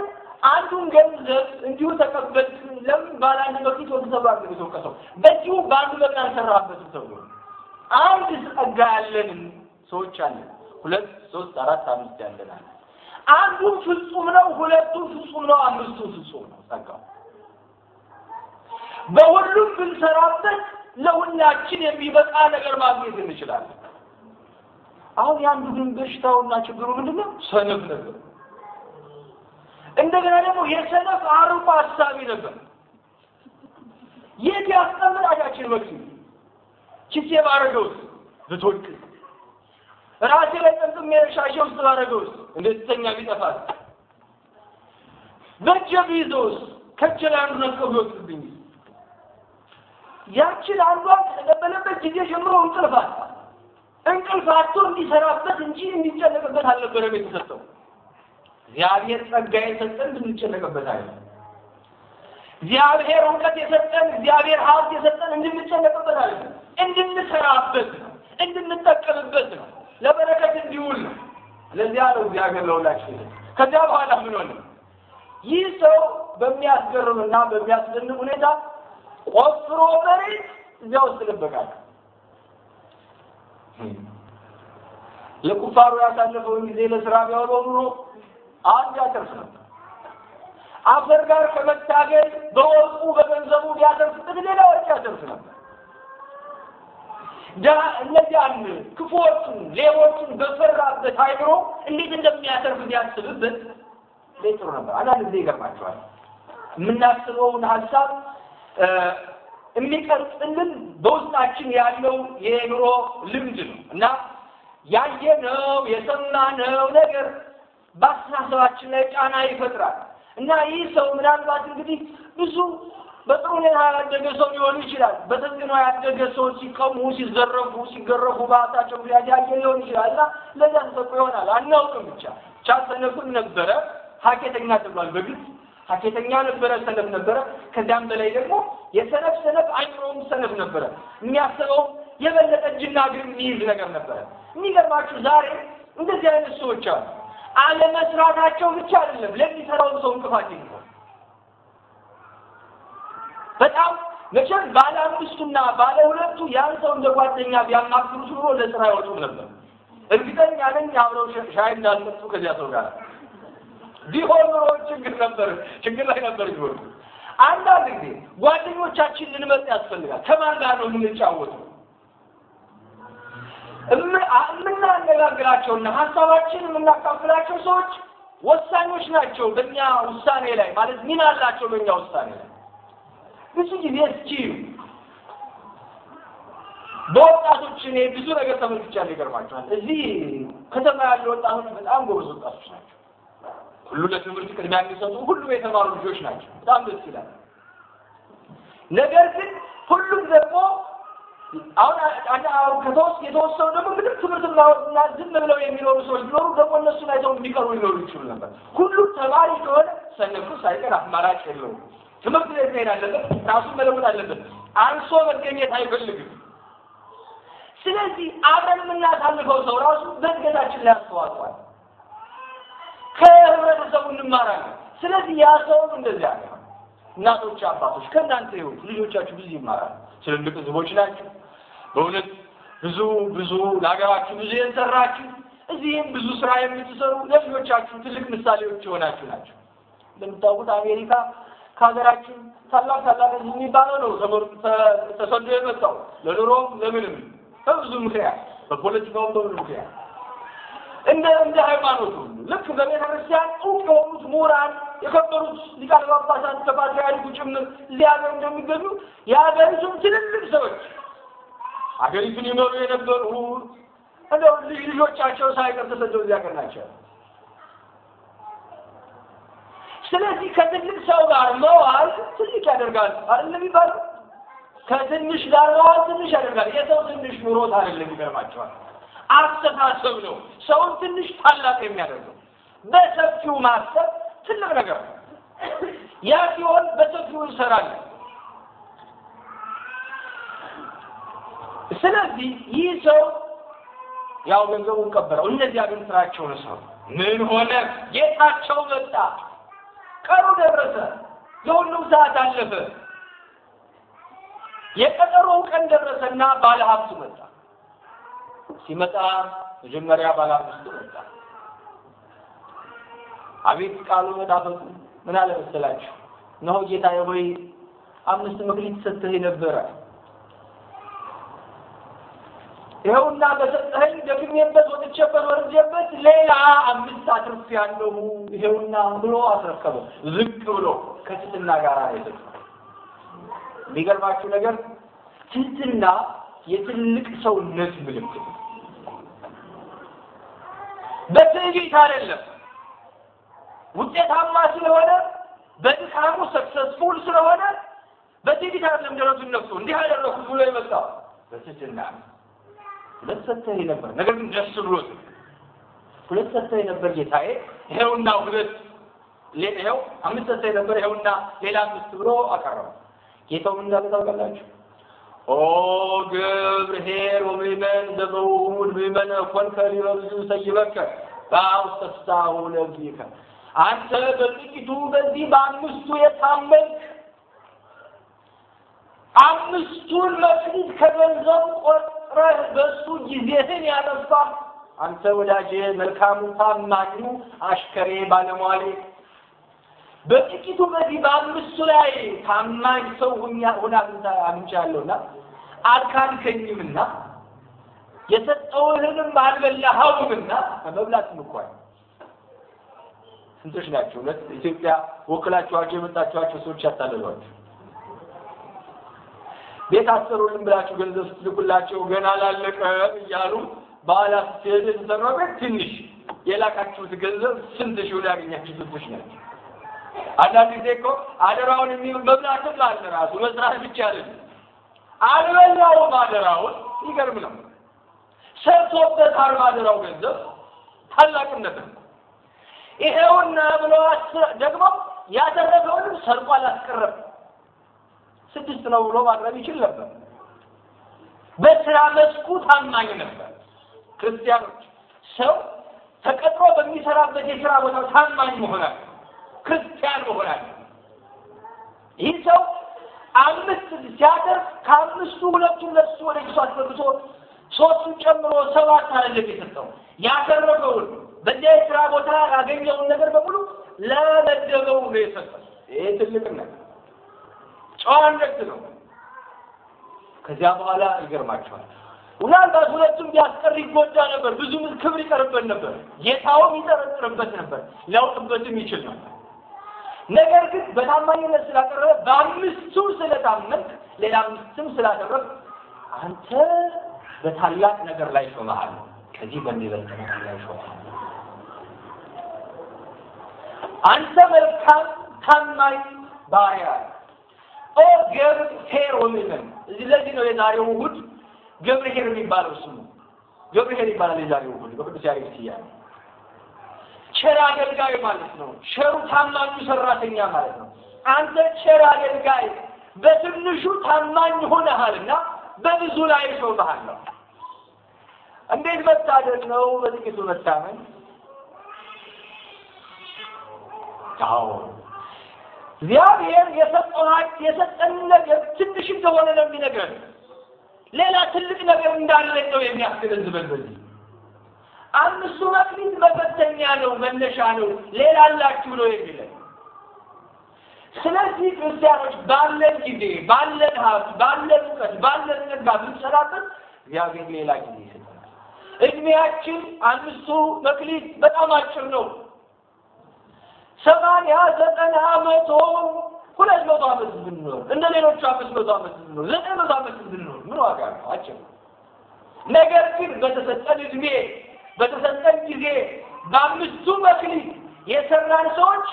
አንዱን ገንዘብ እንዲሁ ተቀበል? ለምን ባለ አንድ መቅሊት ወተሰባ ሰባ ተወቀሰው? በዚሁ በአንዱ መቅን አልሰራበት ተብሎ አንድ ጸጋ ያለን ሰዎች አለን። ሁለት ሶስት አራት አምስት ያለናል አንዱ ፍጹም ነው፣ ሁለቱ ፍጹም ነው፣ አምስቱ ፍጹም ነው። ጸጋው በሁሉም ብንሰራበት ለሁላችን የሚበቃ ነገር ማግኘት እንችላለን። አሁን የአንዱ ግን በሽታውና ችግሩ ምንድነው? ሰነፍ ነበር። እንደገና ደግሞ የሰነፍ አርቆ አሳቢ ነበር። የት ያስቀምጣቻችን መክሲ ኪሴ ባረገውስ ብትወድቅ ራሴ ላይ ጠምጥሜ ሻሸ ውስጥ ባረገውስ እንዴት ተኛ ቢጠፋል በእጄ ቢይዘውስ ከእጄ ላይ አንዱ ነጥቀው ቢወስድብኝ ያችን አንዷን ከተቀበለበት ጊዜ ጀምሮ እንቅልፋል እንቅልፍ አቶ እንዲሰራበት እንጂ እንዲጨነቅበት አልነበረም የተሰጠው። እግዚአብሔር ጸጋ የሰጠን እንድንጨነቅበት አለ። እግዚአብሔር እውቀት የሰጠን፣ እግዚአብሔር ሀብት የሰጠን እንድንጨነቅበት አለ። እንድንሰራበት ነው፣ እንድንጠቀምበት ነው። ለበረከት እንዲውል ነው። ለዚያ ነው እግዚአብሔር ለሁላችን። ከዚያ በኋላ ምን ሆነ? ይህ ሰው በሚያስገርምና በሚያስደንቅ ሁኔታ ቆፍሮ መሬት እዚያ ውስጥ ልበቃል። የቁፋሮ ያሳለፈውን ጊዜ ለስራ ቢያውለው ኑሮ አንድ ያተርፍ ነበር። አፈር ጋር ከመታገል በወርቁ በገንዘቡ ቢያተርፍ ጥግ ሌላ ወርቅ ያተርፍ ነበር። እነዚያን ክፉዎቹን ሌቦቹን በፈራበት አይምሮ እንዴት እንደሚያተርፍ ቢያስብበት ጥሩ ነበር። አንዳንድ ጊዜ ይገርማቸዋል። የምናስበውን ሀሳብ የሚቀርጽልን በውስጣችን ያለው የኑሮ ልምድ ነው እና ያየነው የሰማነው ነገር በአስተሳሰባችን ላይ ጫና ይፈጥራል እና ይህ ሰው ምናልባት እንግዲህ ብዙ በጥሩ ሁኔታ ያላደገ ሰው ሊሆን ይችላል። ነው ያደገ ሰው ሲቀሙ፣ ሲዘረፉ፣ ሲገረፉ በአታቸው ያያየ ሊሆን ይችላል እና ለዚያ ተጠቁ ይሆናል። አናውቅም። ብቻ ቻ ሰነፉን ነበረ ሀኬተኛ ተብሏል። በግልጽ ሀኬተኛ ነበረ፣ ሰነፍ ነበረ። ከዚያም በላይ ደግሞ የሰነፍ ሰነፍ አይምሮውም ሰነፍ ነበረ። የሚያስበውም የበለጠ እጅና እግር የሚይዝ ነገር ነበረ። የሚገርማችሁ ዛሬ እንደዚህ አይነት ሰዎች አሉ። አለመስራታቸው ብቻ አይደለም ለሚሰራውን ሰው እንቅፋት ይሆናል። በጣም መቼም ባለ አምስቱና ባለ ሁለቱ ያን ሰው እንደ ጓደኛ ቢያማክሩ ኑሮ ለስራ አይወጡም ነበር። እርግጠኛ ነኝ አብረው ሻይ እንዳልመጡ ከዚያ ሰው ጋር ቢሆን ኑሮ ችግር ነበር፣ ችግር ላይ ነበር ቢሆን። አንዳንድ ጊዜ ጓደኞቻችን ልንመጥ ያስፈልጋል። ከማን ጋር ነው የምንጫወተው? የምናነጋግራቸውና ሀሳባችን የምናካፍላቸው ሰዎች ወሳኞች ናቸው በእኛ ውሳኔ ላይ ማለት ሚና አላቸው በእኛ ውሳኔ ላይ ብዙ ጊዜ እስኪዩ በወጣቶች እኔ ብዙ ነገር ተመልክቻለሁ። ይገርማቸዋል። እዚህ ከተማ ያሉ ወጣቶች በጣም ጎበዝ ወጣቶች ናቸው። ሁሉ ለትምህርት ቅድሚያ የሚሰጡ ሁሉም የተማሩ ልጆች ናቸው። በጣም ደስ ይላል። ነገር ግን ሁሉም ደግሞ አሁን የተወሰኑ ደግሞ ምንም ትምህርት እና ዝም ብለው የሚኖሩ ሰዎች ቢኖሩ ደግሞ እነሱን አይተው የሚቀሩ ሊኖሩ ይችሉ ነበር። ሁሉም ተማሪ ከሆነ ሰነፉ ሳይቀር አማራጭ የለውም። ትምህርት ቤት መሄድ አለበት። ራሱን መለወጥ አለበት። አርሶ መገኘት አይፈልግም። ስለዚህ አብረን የምናሳልፈው ሰው ራሱ በእድገታችን ላይ አስተዋጽዋል። ከህብረተሰቡ እንማራለን። ስለዚህ ያ ሰውም እንደዚያ አለ። እናቶች፣ አባቶች ከእናንተ ይሁን ልጆቻችሁ ብዙ ይማራል። ትልልቅ ህዝቦች ናቸው። በእውነት ብዙ ብዙ ለሀገራችሁ ብዙ የሰራችሁ እዚህም ብዙ ስራ የምትሰሩ ለልጆቻችሁ ትልቅ ምሳሌዎች የሆናችሁ ናቸው። እንደምታውቁት አሜሪካ ከሀገራችን ታላቅ ታላቅ የሚባለው ነው ተሰዶ የመጣው ለኑሮም ለምንም በብዙ ምክንያት በፖለቲካውም በብዙ ምክንያት እንደ እንደ ሃይማኖቱ ልክ በቤተ ክርስቲያን እውቅ የሆኑት ምሁራን የከበሩት ሊቃነ ጳጳሳት ከፓትርያርኩ ጭምር ሊያገር እንደሚገኙ የሀገሪቱም ትልልቅ ሰዎች ሀገሪቱን ይመሩ የነበሩ እንደው ልጆቻቸው ሳይቀር ተሰደው እዚያ ቀር ናቸው። ስለዚህ ከትልቅ ሰው ጋር መዋል ትልቅ ያደርጋል አይደለም ይባል ከትንሽ ጋር መዋል ትንሽ ያደርጋል። የሰው ትንሽ ኑሮት አይደለም ይገርማቸዋል። አስተሳሰብ ነው ሰውን ትንሽ ታላቅ የሚያደርገው። በሰፊው ማሰብ ትልቅ ነገር ነው። ያ ሲሆን በሰፊው እንሰራለን። ስለዚህ ይህ ሰው ያው ገንዘቡን ቀበረው፣ እነዚያ ግን ስራቸውን ሰሩ። ምን ሆነ? ጌታቸው መጣ ቀኑ ደረሰ። የሁሉም ሰዓት አለፈ። የቀጠሮው ቀን ደረሰና ባለ ሀብቱ መጣ። ሲመጣ መጀመሪያ ባለ ሀብቱ መጣ። አቤት ቃሉ መጣፈጡ ምን አለ መሰላችሁ? እነሆ ጌታዬ ሆይ አምስት መክሊት ሰጥተህ ነበረ ይኸውና በሰጠኸኝ ደክሜበት ወጥቼበት ወርጄበት ሌላ አምስት አትርፍ ያለሁ ይሄውና ብሎ አስረከበው። ዝቅ ብሎ ከትትና ጋር አይዘ የሚገርማችሁ ነገር ትትና የትልቅ ሰውነት ምልክት በትዕቢት አይደለም። ውጤታማ ስለሆነ በድካሙ ሰክሰስፉል ስለሆነ በትዕቢት አይደለም። ደረቱን ነፍቶ እንዲህ አደረኩት ብሎ የመጣው በትትና ሁለት ሰጥተህ ነበር፣ ነገር ግን ደስ ብሎት ሁለት ሰጥተህ ነበር ጌታዬ፣ ይኸውና ሁለት ይኸው አምስት ሰጥተህ ነበር፣ ይኸውና ሌላ አምስት ብሎ አቀረበ። ጌታው ምን እንዳለ ታውቃላችሁ? ኦ ገብርኄር ወምእመን ዘበውእሙድ ምእመን ኮንከ ሊበብዙ ሰይበከ በአውስተ ፍስሓሁ ለእግዚእከ አንተ በጥቂቱ በዚህ በአምስቱ የታመንክ አምስቱን መክሊት ከገንዘብ ቆጥ ፈጥረህ በእሱ ጊዜህን ያጠፋ አንተ ወዳጄ መልካሙ ታማኙ አሽከሬ ባለሟሌ በጥቂቱ በዚህ በአምስቱ ላይ ታማኝ ሰው ሁና ሆና አግኝቻለሁና አልካድከኝምና የሰጠውህንም አልበላኸውምና መብላት እንኳን ስንቶች ናቸው? ሁለት ኢትዮጵያ ወክላችኋቸው የመጣችኋቸው ሰዎች ያታለሏቸው ቤት አሰሩልን ብላችሁ ገንዘብ ስትልኩላቸው ገና ላለቀ እያሉ በዓላት ሲሄድ የተሰረበት ትንሽ የላካችሁት ገንዘብ ስንት ሺ ያገኛችሁ ስንቶች ናቸው። አንዳንድ ጊዜ እኮ አደራውን የሚል መብላትም አለ ራሱ መስራት ብቻ አለ አልበላውም አደራውን። ይገርም ነው። ሰርቶበታል ማደራው ገንዘብ ታላቅነት ነው። ይሄውና ብሎ ደግሞ ያደረገውንም ሰርቆ አላስቀረም። ስድስት ነው ብሎ ማቅረብ ይችል ነበር። በስራ መስኩ ታማኝ ነበር። ክርስቲያኖች ሰው ተቀጥሮ በሚሰራበት የስራ ቦታ ታማኝ መሆናል፣ ክርስቲያን መሆናል። ይህ ሰው አምስት ሲያደርግ ከአምስቱ ሁለቱን ለሱ ወደ ሱ አስገብቶ ሶስቱን ጨምሮ ሰባት አደለም የሰጠው ያደረገውን በዚያ የስራ ቦታ ያገኘውን ነገር በሙሉ ለመደበው ነው የሰጠው። ይህ ትልቅነት ጨዋ እንደግ ነው። ከዚያ በኋላ ይገርማቸዋል። ምናልባት ሁለቱም ቢያስቀር ይጎዳ ነበር። ብዙ ክብር ይቀርበት ነበር። ጌታውም ይጠረጥርበት ነበር። ሊያውቅበትም ይችል ነበር። ነገር ግን በታማኝነት ስላቀረበ በአምስቱ ስለታመንክ ሌላ አምስትም ስላደረግ አንተ በታላቅ ነገር ላይ ሾመሃል፣ ከዚህ በሚበልጥ ነገር ላይ ሾመሃል። አንተ መልካም ታማኝ ባሪያ ነህ። ኦ ለዚህ ነው የዛሬው እሑድ ገብርሄር የሚባለው ስሙ ገብርሄር ይባላል። የዛሬው እሑድ በቅዱስ ያሬድ ስያሜ ቸር አገልጋይ ማለት ነው። ቸሩ ታማኙ ሰራተኛ ማለት ነው። አንተ ቸር አገልጋይ በትንሹ ታማኝ ሆነሃልና በብዙ ላይ ሾመሃል ነው። እንዴት መታደል ነው! በጥቂቱ መታመን። አዎ እግዚአብሔር የሰጠን ነገር ትንሽ እንደሆነ ነው የሚነግረን። ሌላ ትልቅ ነገር እንዳለ ነው የሚያስገነዝበን። በዚህ አምስቱ መክሊት መፈተኛ ነው፣ መነሻ ነው፣ ሌላ አላችሁ ነው የሚለን። ስለዚህ ክርስቲያኖች ባለን ጊዜ፣ ባለን ሀብት፣ ባለን እውቀት፣ ባለን ነጋ ብንሰራበት እግዚአብሔር ሌላ ጊዜ ይሰጠናል። እድሜያችን አምስቱ መክሊት በጣም አጭር ነው። ሰማንያ ዘጠና መቶ ሁለት መቶ ዓመት ብንኖር እንደ ሌሎቹ አምስት መቶ ዓመት ብንኖር ዘጠኝ መቶ ዓመት ብንኖር ምን ዋጋ ነው? አጭር ነገር ግን በተሰጠን እድሜ በተሰጠን ጊዜ በአምስቱ መክሊት የሰራን ሰዎች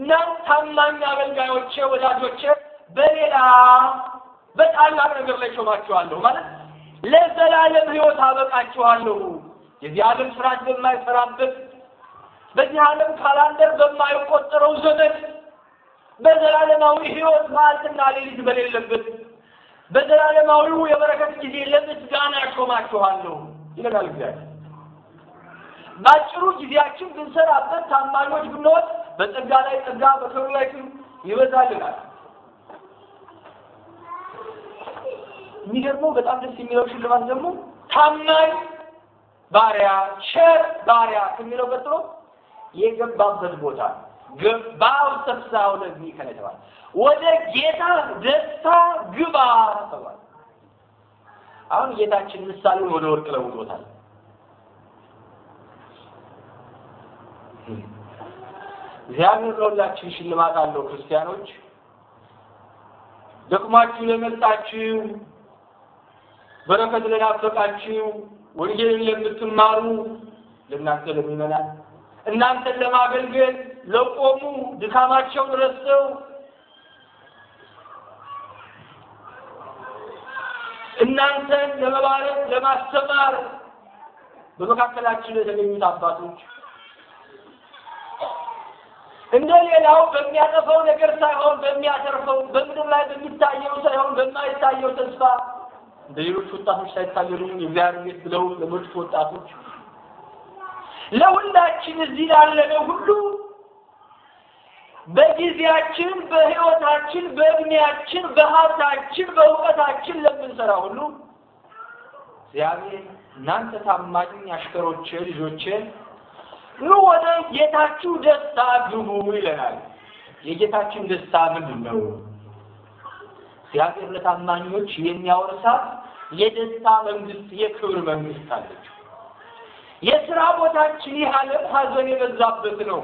እና ታማኝ አገልጋዮቼ፣ ወዳጆቼ በሌላ በታላቅ ነገር ላይ ሾማችኋለሁ ማለት ለዘላለም ሕይወት አበቃችኋለሁ የዚህ ዓለም ስራ እንደማይሰራበት በዚህ ዓለም ካላንደር በማይቆጠረው ዘመን በዘላለማዊ ህይወት ማልትና ሌሊት በሌለበት በዘላለማዊው የበረከት ጊዜ ለምስጋና አሾማችኋለሁ ይለናል እግዚአብሔር። በአጭሩ ጊዜያችን ብንሰራበት ታማኞች ብንሆን በጸጋ ላይ ጸጋ በክብር ላይ ክብር ይበዛልናል። የሚገርመው በጣም ደስ የሚለው ሽልማት ደግሞ ታማኝ ባሪያ ቸር ባሪያ ከሚለው ቀጥሎ የገባበት ቦታ ገባው ተፍሳው ለዚህ ከተባለ ወደ ጌታ ደስታ ግባ ተባለ። አሁን ጌታችን ምሳሌውን ወደ ወርቅ ለውጦታል። እግዚአብሔር ለሁላችን ሽልማት አለው። ክርስቲያኖች ደክማችሁ ለመጣችሁ፣ በረከት ለናፈቃችሁ፣ ወንጌልን ለምትማሩ ለእናንተ ለሚመናል እናንተን ለማገልገል ለቆሙ ድካማቸውን ረስተው እናንተን ለመባረክ ለማስተማር በመካከላችን የተገኙት አባቶች እንደ ሌላው በሚያጠፈው ነገር ሳይሆን በሚያተርፈው በምድር ላይ በሚታየው ሳይሆን በማይታየው ተስፋ እንደ ሌሎች ወጣቶች ሳይታገሉ የእግዚአብሔር ቤት ብለው ለመድፍ ወጣቶች ለሁላችን እዚህ ላለነው ሁሉ በጊዜያችን፣ በህይወታችን፣ በእድሜያችን፣ በሀብታችን፣ በእውቀታችን ለምንሰራ ሁሉ እግዚአብሔር እናንተ ታማኝ አሽከሮቼ፣ ልጆቼ ኑ ወደ ጌታችሁ ደስታ ግቡ ይለናል። የጌታችን ደስታ ምንድን ነው? እግዚአብሔር ለታማኞች የሚያወርሳት የደስታ መንግስት፣ የክብር መንግስት አለችው። የስራ ቦታችን ይህ ዓለም ሀዘን የበዛበት ነው።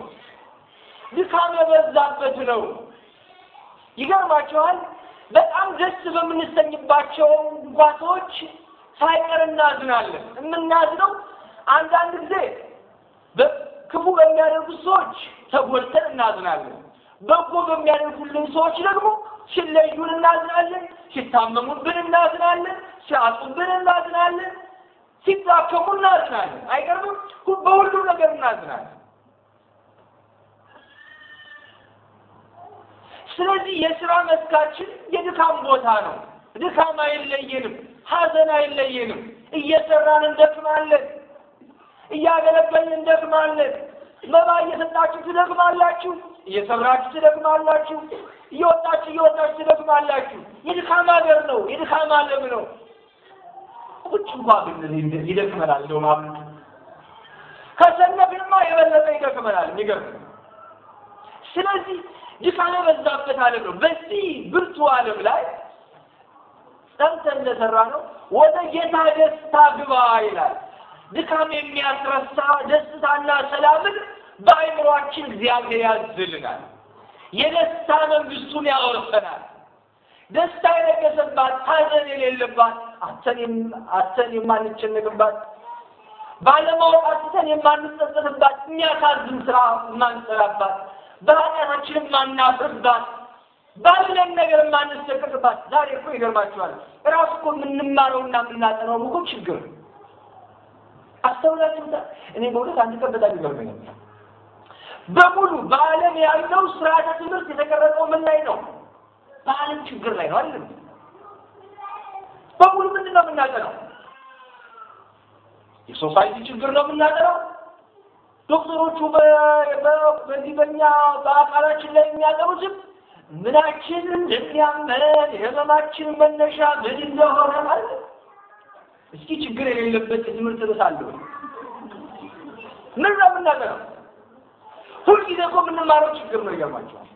ድካም የበዛበት ነው። ይገርማቸዋል። በጣም ደስ በምንሰኝባቸው ጓቶች ሳይቀር እናዝናለን። የምናዝነው አንዳንድ ጊዜ ክፉ በሚያደርጉት ሰዎች ተጎድተን እናዝናለን። በጎ በሚያደርጉልን ሰዎች ደግሞ ሲለዩን እናዝናለን። ሲታመሙብን እናዝናለን። ሲያጡብን እናዝናለን። ሲታከሙ እናዝናለን። አይገርምም? በሁሉ ነገር እናዝናለን። ስለዚህ የስራ መስካችን የድካም ቦታ ነው። ድካም አይለየንም፣ ሀዘን አይለየንም። እየሰራን እንደክማለን፣ እያገለገልን እንደክማለን። መባ እየሰጣችሁ ትደክማላችሁ፣ እየሰራችሁ ትደክማላችሁ፣ እየወጣችሁ እየወጣችሁ ትደክማላችሁ። የድካም ሀገር ነው፣ የድካም ዓለም ነው። ቁጭ እንኳ ብንል ይደክመናል። እንደው ማብረድ ከሰነፍንማ የበለጠ ይደክመናል። የሚገርም ስለዚህ ድካም የበዛበት ዓለም ነው። በዚህ ብርቱ ዓለም ላይ ጸንተን እንደሰራ ነው ወደ ጌታ ደስታ ግባ ይላል። ድካም የሚያስረሳ ደስታና ሰላምን በአይምሯችን እግዚአብሔር ያዝልናል። የደስታ መንግስቱን ያወርሰናል። ደስታ የነገሰባት ታዘን የሌለባት አተን የማንቸነቅባት ባለማወቅ አስተን የማንጸጸትባት የሚያሳዝን ስራ የማንሰራባት በኃጢአታችን የማናፍርባት ባለን ነገር የማንሰቀቅባት። ዛሬ እኮ ይገርማችኋል፣ እራሱ እኮ የምንማረውና የምናጠናው እኮ ችግር እኔ በእውነት አንድ ቀን በጣም ይገርመኛል። በሙሉ በዓለም ያለው ስርዓተ ትምህርት የተቀረጸው ምን ላይ ነው? በዓለም ችግር ላይ ነው አይደለም በሙሉ ምንድን ነው የምናጠናው? የሶሳይቲ ችግር ነው የምናጠናው። ዶክተሮቹ በዚህ በኛ በአካላችን ላይ የሚያጠኑትም ምናችን እንደሚያመን የህመማችን መነሻ ምን እንደሆነ ማለት እስኪ ችግር የሌለበት ትምህርት ቤት አለ? ምን ነው የምናጠናው? ሁልጊዜ እኮ የምንማረው ችግር ነው። ይገርማቸዋል።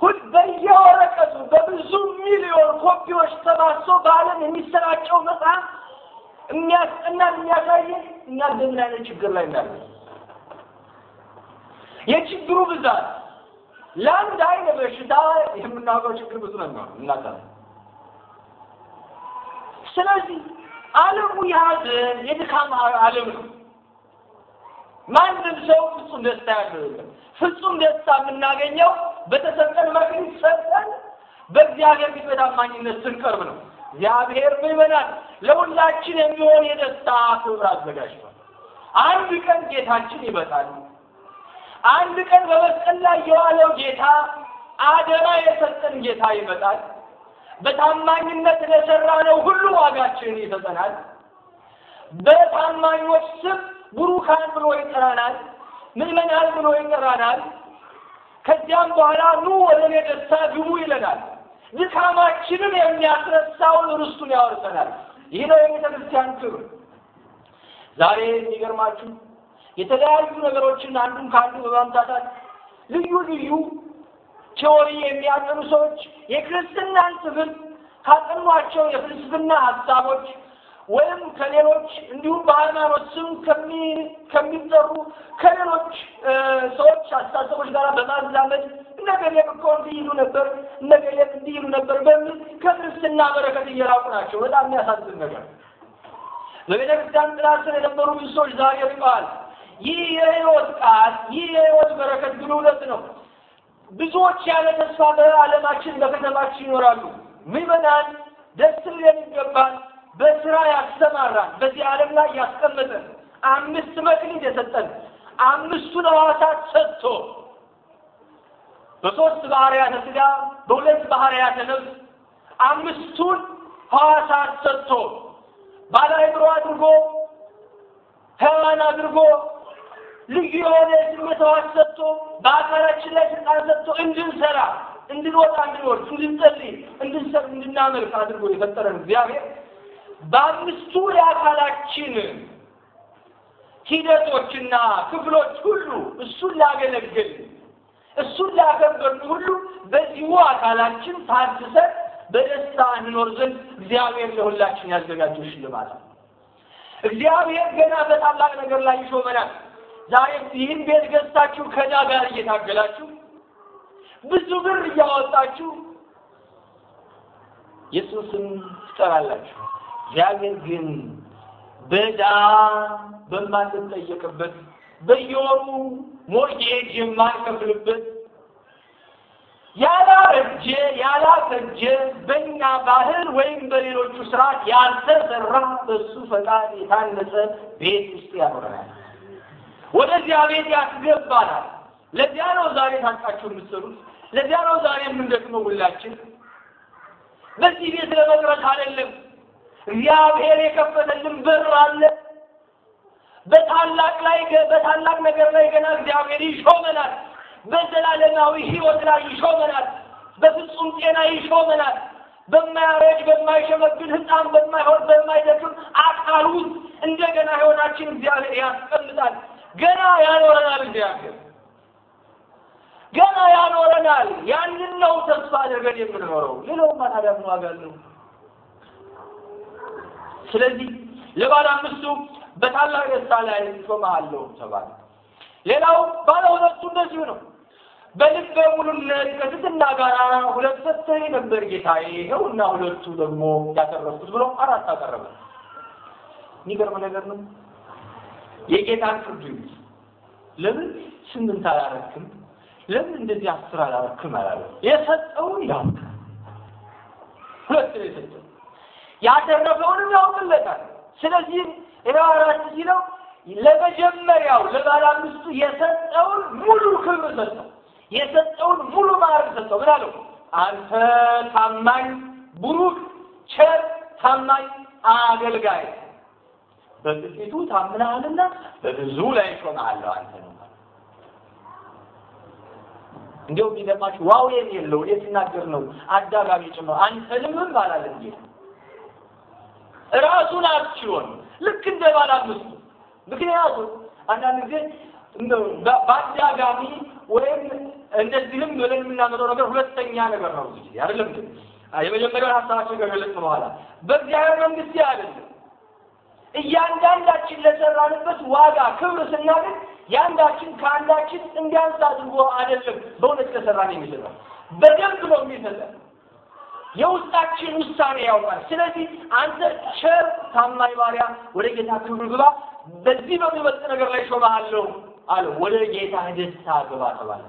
Hudbeyara kadu, da by Zoom milion kopiłeś ተማሶ የሚሰራቸው መጽሐፍ የሚያስጠና የሚያሳይ እኛ በምን አይነት ችግር ላይ እንዳለ የችግሩ ብዛት ለአንድ አይነ በሽታ የምናውቀው ችግር ብዙ ነው እናታ ስለዚህ ዓለሙ የሀዘን የድካም ዓለም ነው። ማንም ሰው ፍጹም ደስታ ያለው ፍጹም ደስታ የምናገኘው በተሰጠን መክሊት ሰጠን በእግዚአብሔር ፊት በታማኝነት ስንቀርብ ነው። እግዚአብሔር ምዕመናን ለሁላችን የሚሆን የደስታ ክብር አዘጋጅቷል። አንድ ቀን ጌታችን ይመጣል። አንድ ቀን በመስቀል ላይ የዋለው ጌታ አደራ የሰጠን ጌታ ይመጣል። በታማኝነት ለሰራነው ሁሉ ዋጋችን ይሰጠናል። በታማኞች ስም ብሩካን ብሎ ይጠራናል። ምዕመናን ብሎ ይጠራናል። ከዚያም በኋላ ኑ ወደ እኔ ደስታ ግቡ ይለናል። ድካማችንን የሚያስረሳውን ርስቱን ያወርሰናል። ይህ ነው የቤተ ክርስቲያን ክብር። ዛሬ የሚገርማችሁ የተለያዩ ነገሮችን አንዱን ከአንዱ በማምታታት ልዩ ልዩ ቴዎሪ የሚያጠኑ ሰዎች የክርስትናን ትምህርት ካጠኗቸው የፍልስፍና ሀሳቦች ወይም ከሌሎች እንዲሁም በሃይማኖት ስም ከሚጠሩ ከሌሎች ሰዎች አስተሳሰቦች ጋር በማዛመድ ነገሌም እኮ እንዲህ ይሉ ነበር፣ ነገሌም እንዲህ ይሉ ነበር በሚል ከክርስትና በረከት እየራቁ ናቸው። በጣም የሚያሳዝን ነገር። በቤተ ክርስቲያን ጥላ ስር የነበሩ ብዙ ሰዎች ዛሬ ርቀዋል። ይህ የህይወት ቃል፣ ይህ የህይወት በረከት ግንውነት ነው። ብዙዎች ያለ ተስፋ በዓለማችን በከተማችን ይኖራሉ። ምዕመናን ደስ ሊለን ይገባል። በስራ ያሰማራን፣ በዚህ ዓለም ላይ ያስቀመጠን፣ አምስት መክሊት የሰጠን፣ አምስቱን ሐዋሳት ሰጥቶ በሶስት ባህርያተ ሥጋ በሁለት ባህርያተ ነፍስ አምስቱን ሐዋሳት ሰጥቶ ባለ አድርጎ ሔዋን አድርጎ ልዩ የሆነ የስሜት ሕዋስ ሰጥቶ በአካላችን ላይ ስልጣን ሰጥቶ እንድንሰራ፣ እንድንወጣ፣ እንድንወርድ፣ እንድንጸልይ፣ እንድንሰብ፣ እንድናመልክ አድርጎ የፈጠረን እግዚአብሔር በአምስቱ የአካላችን ሂደቶችና ክፍሎች ሁሉ እሱን ላገለግል እሱን ላከበርን ሁሉ በዚሁ አካላችን ታድሰን በደስታ እንኖር ዘንድ እግዚአብሔር ለሁላችን ያዘጋጀው ሽልማት ነው። እግዚአብሔር ገና በታላቅ ነገር ላይ ይሾመናል። ዛሬ ይህን ቤት ገዝታችሁ ከዳ ጋር እየታገላችሁ ብዙ ብር እያወጣችሁ የሱስም ትጠራላችሁ። እግዚአብሔር ግን በዳ በማንጠየቅበት በየወሩ ሞርጌጅ የማንከፍልበት ያላረጀ ያላፈጀ በእኛ ባህል ወይም በሌሎቹ ስርዓት ያልተሰራ በሱ ፈቃድ የታነጸ ቤት ውስጥ ያኖረናል። ወደዚያ ቤት ያስገባናል። ለዚያ ነው ዛሬ ታንቃችሁ የምትሰሩት። ለዚያ ነው ዛሬ የምንደክመው ሁላችን። በዚህ ቤት ለመቅረት አይደለም እግዚአብሔር የከፈተልን በር አለ። በታላቅ ላይ በታላቅ ነገር ላይ ገና እግዚአብሔር ይሾመናል። በዘላለማዊ ሕይወት ላይ ይሾመናል። በፍጹም ጤና ይሾመናል። በማያረጅ በማይሸመግል ሕፃን በማይሆን በማይደክም አካል ውስጥ እንደገና ሕይወታችን እግዚአብሔር ያስቀምጣል። ገና ያኖረናል። እግዚአብሔር ገና ያኖረናል። ያንን ነው ተስፋ አድርገን የምንኖረው። ሌላውማ ታዲያ ምን ዋጋ አለው? ስለዚህ ለባለ አምስቱ በታላቅ ደስታ ላይ ሾመሃለሁ ተባለ። ሌላው ባለ ሁለቱ እንደዚሁ ነው። በልበ ሙሉነት ከትትና ጋር ሁለት ሰጥተህ ነበር ጌታዬ፣ ይኸውና ሁለቱ ደግሞ ያቀረብኩት ብሎ አራት አቀረበ። የሚገርም ነገር ነው። የጌታን ፍርድ ለምን ስምንት አላረክም? ለምን እንደዚህ አስር አላረክም? አላለ። የሰጠውን ያውቃል። ሁለት ነው የሰጠው ያደረገውንም ያውቅለታል። ስለዚህ ስለዚህም ዕብራውያን ሲለው ለመጀመሪያው ለባለ አምስቱ የሰጠውን ሙሉ ክብር ሰጠው፣ የሰጠውን ሙሉ ማዕረግ ሰጠው። ምን አለው? አንተ ታማኝ ቡሩክ፣ ቸር፣ ታማኝ አገልጋይ በጥቂቱ ታምናሃልና በብዙ ላይ ሾመሃለሁ አንተ ነው። እንዲያው የሚገርማችሁ ዋው የሚለው የትናገር ነው አዳጋሚ ጭምር ልምም ባላለ እንጂ ራሱን አርችሆን ልክ እንደ ባል አምስቱ ምክንያቱም አንዳንድ ጊዜ በአዳጋሚ ወይም እንደዚህም ብለን የምናመጣው ነገር ሁለተኛ ነገር ነው። ብዙ ጊዜ አይደለም ግን የመጀመሪያውን ሀሳባችን ከገለጽ በኋላ በእግዚአብሔር መንግስት አይደለም እያንዳንዳችን ለሰራንበት ዋጋ ክብር ስናገኝ የአንዳችን ከአንዳችን እንዲያንስ አድርጎ አይደለም። በእውነት ከሰራን የሚሰራ በደንብ ነው የሚሰራ የውስጣችን ውሳኔ ያውቃል። ስለዚህ አንተ ቸር ታማኝ ባሪያ ወደ ጌታ ክብር ግባ፣ በዚህ በሚበልጥ ነገር ላይ ሾመሃለሁ አለ። ወደ ጌታ ደስታ ግባ ተባለ።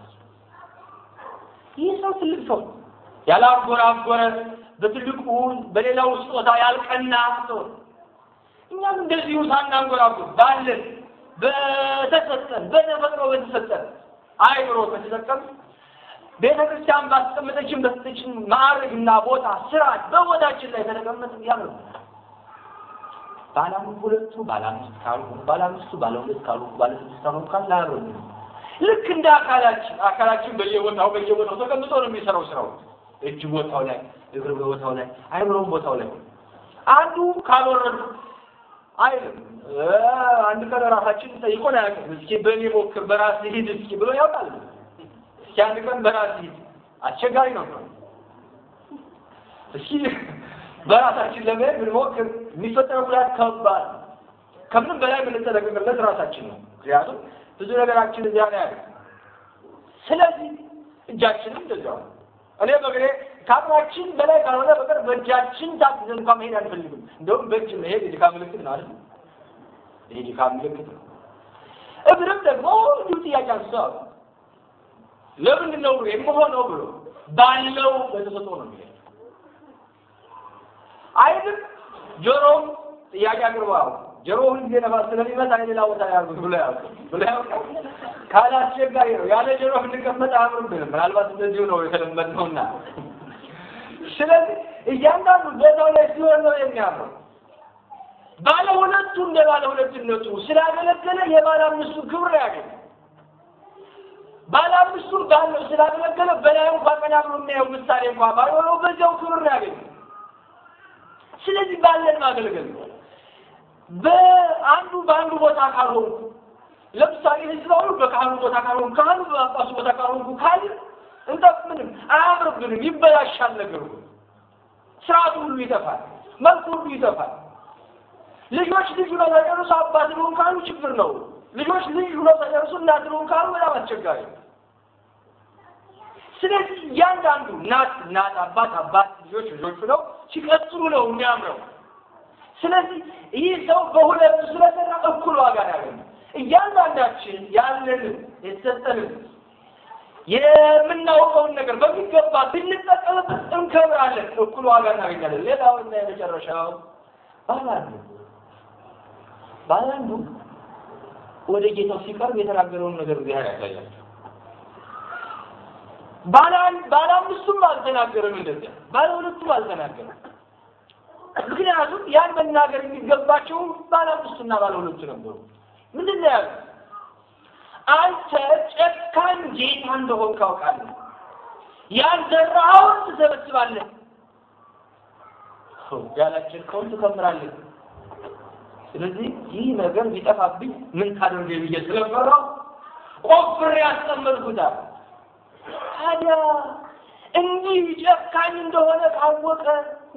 ይህ ሰው ትልቅ ሰው ያላጎረ አጎረ በትልቁ በሌላው ስጦታ ያልቀና ሰው። እኛም እንደዚሁ ሳናንጎራጉር ባለን በተሰጠን በተፈጥሮ በተሰጠን አይምሮ ከተጠቀም ቤተ ክርስቲያን ባስቀመጠችን በስተችን ማዕረግና ቦታ ስርዓት በቦታችን ላይ ተቀመጥ ነው። ባላም ሁለቱ ባላምስት ካሉ ካልሆኑ ባለ ካሉ ባለ ካሉ ካልሆኑ ባለ ካልሆኑ ካል ልክ እንደ አካላችን አካላችን በየቦታው በየቦታው ተቀምጦ ነው የሚሰራው ስራው። እጅ ቦታው ላይ፣ እግር ቦታው ላይ፣ አይምሮም ቦታው ላይ። አንዱ ካልወረዱ አይልም። አንድ ቀን ራሳችን ጠይቆን አያውቅም። እስኪ በእኔ ሞክር በራስ ሂድ እስኪ ብሎ ያውቃል። የአንድ ቀን በራስ ሂድ አስቸጋሪ ነው። እስኪ በራሳችን ለመሄድ ብንሞክር የሚፈጠረው ጉዳት ከባድ፣ ከምንም በላይ የምንጠነቀቅለት ራሳችን ነው። ምክንያቱም ብዙ ነገራችን እዚያ ነው ያለ። ስለዚህ እጃችንም እንደዚያው እኔ በግሬ ከአቅማችን በላይ ካልሆነ በቀር በእጃችን ታግዘን እንኳ መሄድ አንፈልግም። እንደውም በእጅ መሄድ የድካም ምልክት ነው አይደል? ይሄ ድካም ምልክት ነው። እግርም ደግሞ እንዲሁ ጥያቄ ለምንድን ነው የምሆነው ብሎ ባለው በተሰጦ ነው የሚለው አይንም ጆሮም ጥያቄ አቅርባው ጆሮ ጊዜ ነፋስ ስለሚመጣ ሌላ ቦታ ብሎ ያርጉ ብሎ ያርጉ ካለ አስቸጋሪ ነው። ያለ ጆሮ እንቀመጥ አያምርብንም። ምናልባት እንደዚሁ ነው የተለመድነውና ስለዚህ እያንዳንዱ በዛው ላይ ሲሆን ነው የሚያምሩ። ባለ ሁለቱ እንደ ባለ ሁለትነቱ ስላገለገለ የባለ አምስቱ ክብር ያገኝ ባለ አምስቱ ባል ስላገለገለ በላዩ ባቀና ብሎ የሚያየው ምሳሌ እንኳ ባይሆነው በዚያው ክብር ያገኝ። ስለዚህ ባለን ማገልገል በአንዱ በአንዱ ቦታ ካልሆንኩ፣ ለምሳሌ ህዝብ ሁሉ በካህኑ ቦታ ካልሆንኩ፣ ካህኑ በጳጳሱ ቦታ ካልሆንኩ ካል እንጠቅምንም አያምርብንም፣ ይበላሻል ነገሩ። ስርዓቱ ሁሉ ይጠፋል፣ መልኩ ሁሉ ይጠፋል። ልጆች ልጅ ነው ተጨርሶ አባት ልሆን ካሉ ችግር ነው። ልጆች ልጅ ሁኖ ተጨርሶ እናት ልሆን ካሉ በጣም አስቸጋሪ ነው። ስለዚህ እያንዳንዱ እናት እናት፣ አባት አባት፣ ልጆች ልጆቹ ነው። ሲቀጥሉ ነው የሚያምረው። ስለዚህ ይህ ሰው በሁለቱ ስለሰራ እኩል ዋጋ ያገኘ። እያንዳንዳችን ያለን የተሰጠንን የምናውቀውን ነገር በሚገባ ብንጠቀምበት እንከብራለን፣ እኩል ዋጋ እናገኛለን። ሌላው እና የመጨረሻው ባላንዱ ባላንዱ ወደ ጌታው ሲቀርብ የተናገረውን ነገር እግዚአብሔር ያሳያል። ባለ አምስቱም አልተናገረም እንደዚያ ባለ ሁለቱም አልተናገረም ምክንያቱም ያን መናገር የሚገባቸው ባለ አምስቱና ባለ ሁለቱ ነበሩ ምንድን ነው ያሉ አንተ ጨካን ጌታ እንደሆን ካውቃለህ ያልዘራኸውን ትሰበስባለህ ያላጨድከውን ትከምራለህ ስለዚህ ይህ ነገር ቢጠፋብኝ ምን ታደርገ ብዬ ስለፈራው ቆፍሬ ያስጠመርኩታል። ታዲያ እኒህ ጨካኝ እንደሆነ ታወቀ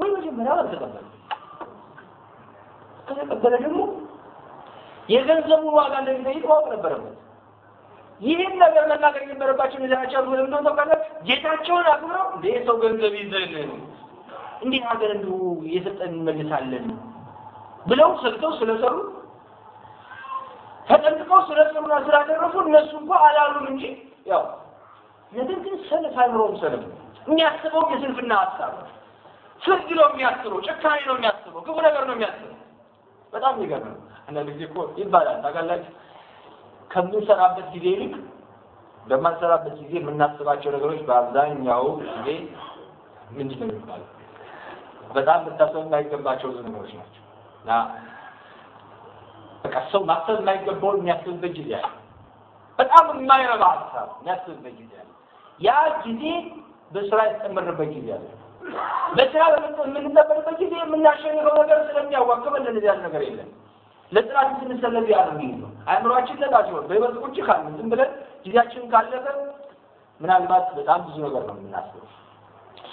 ወይ? መጀመሪያ አልተቀበለ። ከተቀበለ ደግሞ የገንዘቡን ዋጋ እንደሚጠይቅ ማወቅ ነበረበት። ይህን ነገር መናገር የነበረባቸው ሚዛናቸው ምን እንደሆነ ታውቃለች። ጌታቸውን አክብረው እንዴ ሰው ገንዘብ ይዘን እንዲህ ሀገር እንዲሁ የሰጠን እንመልሳለን ብለው ሰግተው ስለሰሩ ተጠንቅቀው ስለሰሩና ስላደረሱ እነሱ እንኳ አላሉም እንጂ ያው ነገር ግን ሰነፍ አይምሮም ሰነፍ የሚያስበው የስንፍና ሀሳብ ፍርድ ነው የሚያስበው፣ ጭካኔ ነው የሚያስበው፣ ክፉ ነገር ነው የሚያስበው። በጣም ይገርም። አንዳንድ ጊዜ እኮ ይባላል ታውቃላችሁ፣ ከምንሰራበት ጊዜ ይልቅ በማንሰራበት ጊዜ የምናስባቸው ነገሮች በአብዛኛው ጊዜ ምንድን ነው ይባላል፣ በጣም ልታሰብ የማይገባቸው ዝንቦች ናቸው። እና በቃ ሰው ማሰብ የማይገባውን የሚያስብበት ጊዜ አለ። በጣም የማይረባ ሀሳብ የሚያስብበት ጊዜ አለ። ያ ጊዜ በስራ የተጨመረበት ጊዜ አለ። በስራ የምንጠበቅበት ጊዜ የምናሸንፈው ነገር ስለሚያዋክብ እንደዚህ ያለ ነገር የለም። ለጥናት ስንሰለፍ ያደርግ ነው አእምሯችን ለጣት ሲሆን በህይወት ቁጭ ካለ ዝም ብለን ጊዜያችን ካለፈ ምናልባት በጣም ብዙ ነገር ነው የምናስበው።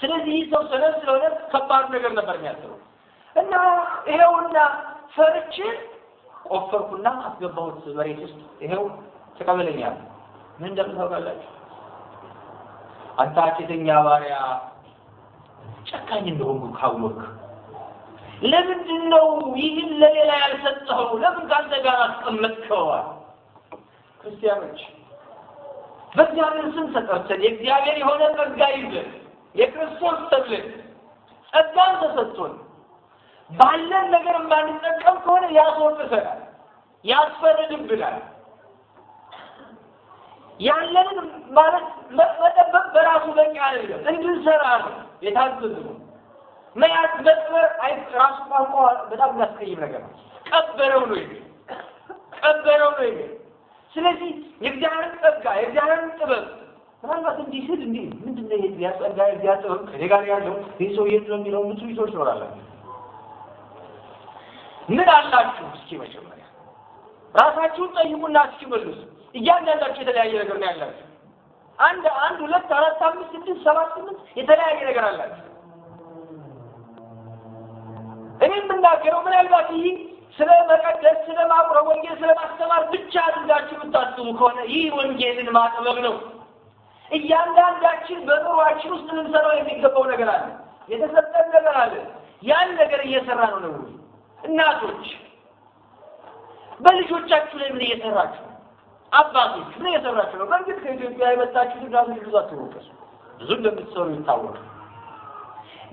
ስለዚህ ሰው ሰነፍ ስለሆነ ከባድ ነገር ነበር የሚያስበው እና ይሄውና ፈርቼ ቆፈርኩና አስገባሁት መሬት ውስጥ ይሄው ተቀበለኛል። ምን እንደምን ታውቃላችሁ? አንተ ሐሰተኛ ባሪያ ጨካኝ እንደሆንኩ ካወቅክ ለምንድን ነው ይህን ለሌላ ያልሰጠኸው? ለምን ከአንተ ጋር አስቀመጥከዋል? ክርስቲያኖች በእግዚአብሔር ስም ተጠርተን የእግዚአብሔር የሆነ ጸጋ ይዘን የክርስቶስ ተብለን ጸጋን ተሰጥቶን ባለን ነገር የማንጠቀም ከሆነ ያስወጥሰናል፣ ያስፈርድብናል። ያለንን ማለት መጠበቅ በራሱ በቂ አይደለም፣ እንድንሰራ ነው የታዘዙ መያዝ መጥበር ራሱ ቋንቋ በጣም የሚያስቀይም ነገር ነው። ቀበረው ነው የሚል ቀበረው ነው የሚል ስለዚህ የእግዚአብሔርን ጸጋ የእግዚአብሔርን ጥበብ ምናልባት እንዲህ ስል እንዲ ምንድን ነው ይሄ ጸጋ የዚያ ጥበብ ከኔ ጋር ያለው ይህ ሰው የት ነው የሚለው ብዙ ሰዎች ይኖራላችሁ። ምን አላችሁ? እስኪ መጀመሪያ ራሳችሁን ጠይቁና እስኪ መልሱ። እያንዳንዳቸው የተለያየ ነገር ነው ያላቸው። አንድ አንድ ሁለት አራት አምስት ስድስት ሰባት ስምንት የተለያየ ነገር አላቸው። እኔ የምናገረው ምናልባት ይህ ስለ መቀደስ፣ ስለ ማቁረብ፣ ወንጌል ስለ ማስተማር ብቻ አድርጋችሁ የምታስቡ ከሆነ ይህ ወንጌልን ማጥበብ ነው። እያንዳንዳችን በኑሯችን ውስጥ ልንሰራው የሚገባው ነገር አለ፣ የተሰጠን ነገር አለ። ያን ነገር እየሰራ ነው ነው እናቶች በልጆቻችሁ ላይ ምን እየሰራችሁ አባቶች ምን እየሰራችሁ ነው። በእርግጥ ከኢትዮጵያ የመጣችሁ ልጅ ብዙ አትወቀሱ፣ ብዙ እንደምትሰሩ ይታወቃል።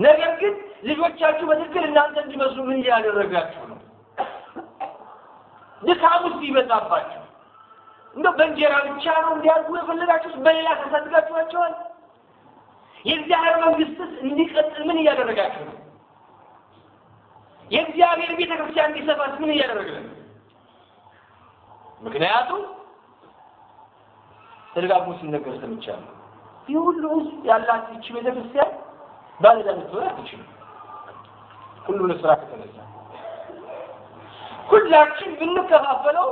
ነገር ግን ልጆቻችሁ በትክክል እናንተ እንዲመስሉ ምን እያደረጋችሁ ነው? ድካም ውስጥ ይበዛባቸው እንደ በእንጀራ ብቻ ነው እንዲያድጉ የፈለጋችሁት፣ በሌላ ተሳድጋችኋቸዋል። የእግዚአብሔር መንግስትስ እንዲቀጥል ምን እያደረጋችሁ ነው? የእግዚአብሔር ቤተክርስቲያን እንዲሰፋት ምን እያደረግን ነው? ምክንያቱም ተደጋግሞ ሲነገር ሰምቻለሁ። ይህ ሁሉ ህዝብ ያላት ይቺ ቤተክርስቲያን ባለዳ ልትሆን አትችልም። ሁሉን ስራ ከተነሳ ሁላችን ብንከፋፈለው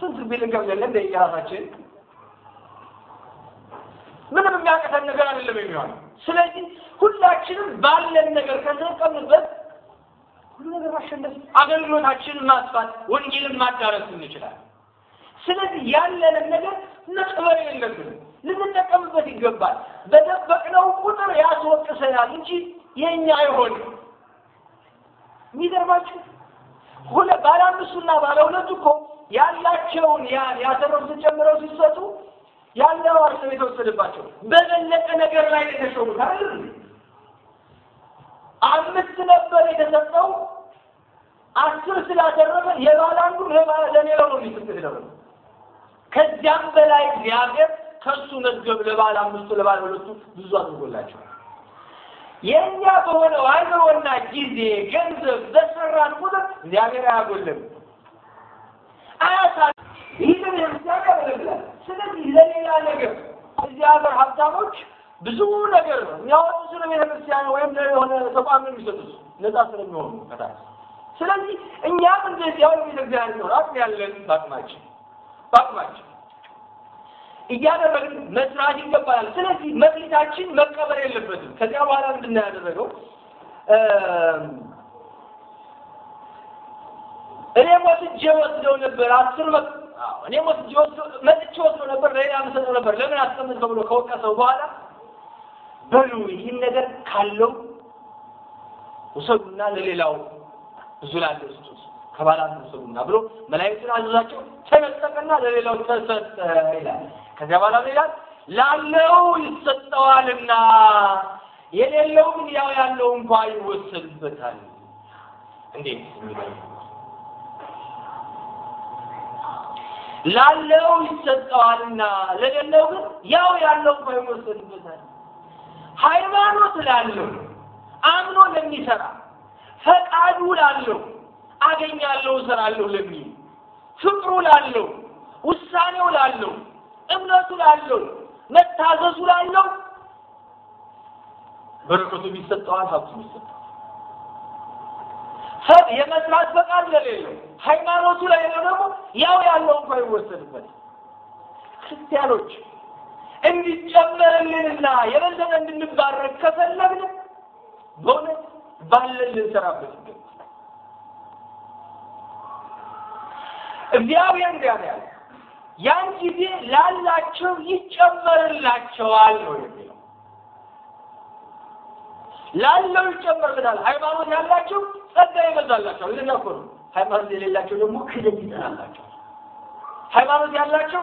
ስንት ቤት ያለ እንደ የራሳችን ምንም የሚያቀተን ነገር አይደለም የሚሆነው። ስለዚህ ሁላችንም ባለን ነገር ከተጠቀምንበት ሁሉ ነገር ማሸነፍ፣ አገልግሎታችንን ማስፋት፣ ወንጌልን ማዳረስ እንችላለን። ስለዚህ ያለንን ነገር መቅበር የለብንም፣ ልንጠቀምበት ይገባል። በደበቅነው ቁጥር ያስወቅሰናል እንጂ የእኛ አይሆን። የሚገርማችሁ ሁለ ባለ አምስቱና ባለ ሁለቱ እኮ ያላቸውን ያን ያተረፉትን ጨምረው ሲሰጡ ያለው አርሶ የተወሰደባቸው በበለጠ ነገር ላይ የተሾሙት አይደል? አምስት ነበር የተሰጠው አስር ስላተረፈ የባለ አንዱ ለሌላው ነው የሚሰጥ ከዚያም በላይ እግዚአብሔር ከሱ መዝገብ ለባለ አምስቱ ለባለ ሁለቱ ብዙ አድርጎላቸዋል። የእኛ በሆነ አገወና ጊዜ ገንዘብ በሰራን ቁጥር እግዚአብሔር አያጎልም አያሳ ይህንን እግዚአብሔር ያደርጋል። ስለዚህ ለሌላ ነገር ሀገር ሀብታሞች ብዙ ነገር ነው የሚያወጡ ስለ ቤተክርስቲያን ወይም ለሆነ ተቋም የሚሰጡት ነጻ ስለሚሆኑ ከታ ስለዚህ እኛም እንደዚያው ቤተክርስቲያን አቅም ያለን በአቅማችን በአቅማችን እያደረግን መስራት ይገባናል። ስለዚህ መክሊታችን መቀበር የለበትም። ከዚያ በኋላ ምንድን ነው ያደረገው? እኔ ሞትጄ ወስደው ነበር አስር እኔ ሞትጄ መጥቼ ወስደው ነበር ለሌላ የምሰጠው ነበር ለምን አስቀምጥከው ብሎ ከወቀሰው በኋላ በሉ ይህን ነገር ካለው ውሰዱና ለሌላው ብዙ ላለ ስጡት ከባላት ስቡና ብሎ መላእክቱን አዘዛቸው። ተመጠቀና ለሌላው ተሰጠ ይላል። ከዚያ በኋላ ይላል ላለው ይሰጠዋልና የሌለውም ያው ያለው እንኳ ይወሰድበታል። እንዴት ላለው ይሰጠዋልና ለሌለው ግን ያው ያለው እንኳ ይወሰድበታል። ሃይማኖት ላለው አምኖ ለሚሰራ ፈቃዱ ላለው አገኛለሁ፣ እሰራለሁ ለሚል ፍቅሩ ላለው፣ ውሳኔው ላለው፣ እምነቱ ላለው፣ መታዘዙ ላለው በረከቱ ቢሰጠዋል፣ ሀብቱ ቢሰጠዋል። ሰብ የመስራት ፈቃድ ለሌለው ሃይማኖቱ ላይ ነው ደግሞ ያው ያለው እንኳ ይወሰድበት። ክርስቲያኖች እንዲጨመርልንና የበለጠ እንድንባረክ ከፈለግን በእውነት ባለን ልንሰራበት ይገባል። እግዚአብሔር ያለ ያን ጊዜ ላላቸው ይጨመርላቸዋል ነው የሚለው። ላለው ይጨመርልናል። ሃይማኖት ያላቸው ጸጋ ይበዛላቸዋል። ልና እኮ ነው። ሃይማኖት የሌላቸው ደግሞ ክደት ይጠናላቸዋል። ሃይማኖት ያላቸው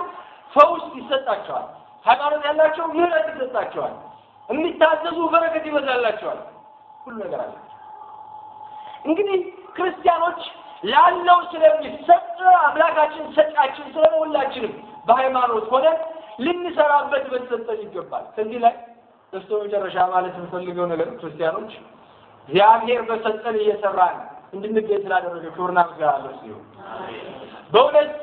ፈውስ ይሰጣቸዋል። ሃይማኖት ያላቸው ምሕረት ይሰጣቸዋል። የሚታዘዙ በረከት ይበዛላቸዋል። ሁሉ ነገር አላቸው። እንግዲህ ክርስቲያኖች ላለው ስለሚሰጥ አምላካችን ሰጫችን ስለሆነ ሁላችንም በሃይማኖት ሆነን ልንሰራበት በተሰጠን ይገባል። ከዚህ ላይ በስተ መጨረሻ ማለት የምፈልገው ነገር ክርስቲያኖች እግዚአብሔር በሰጠን እየሰራን እንድንገኝ ስላደረገ ክብርና ምስጋና ሲሆን በእውነት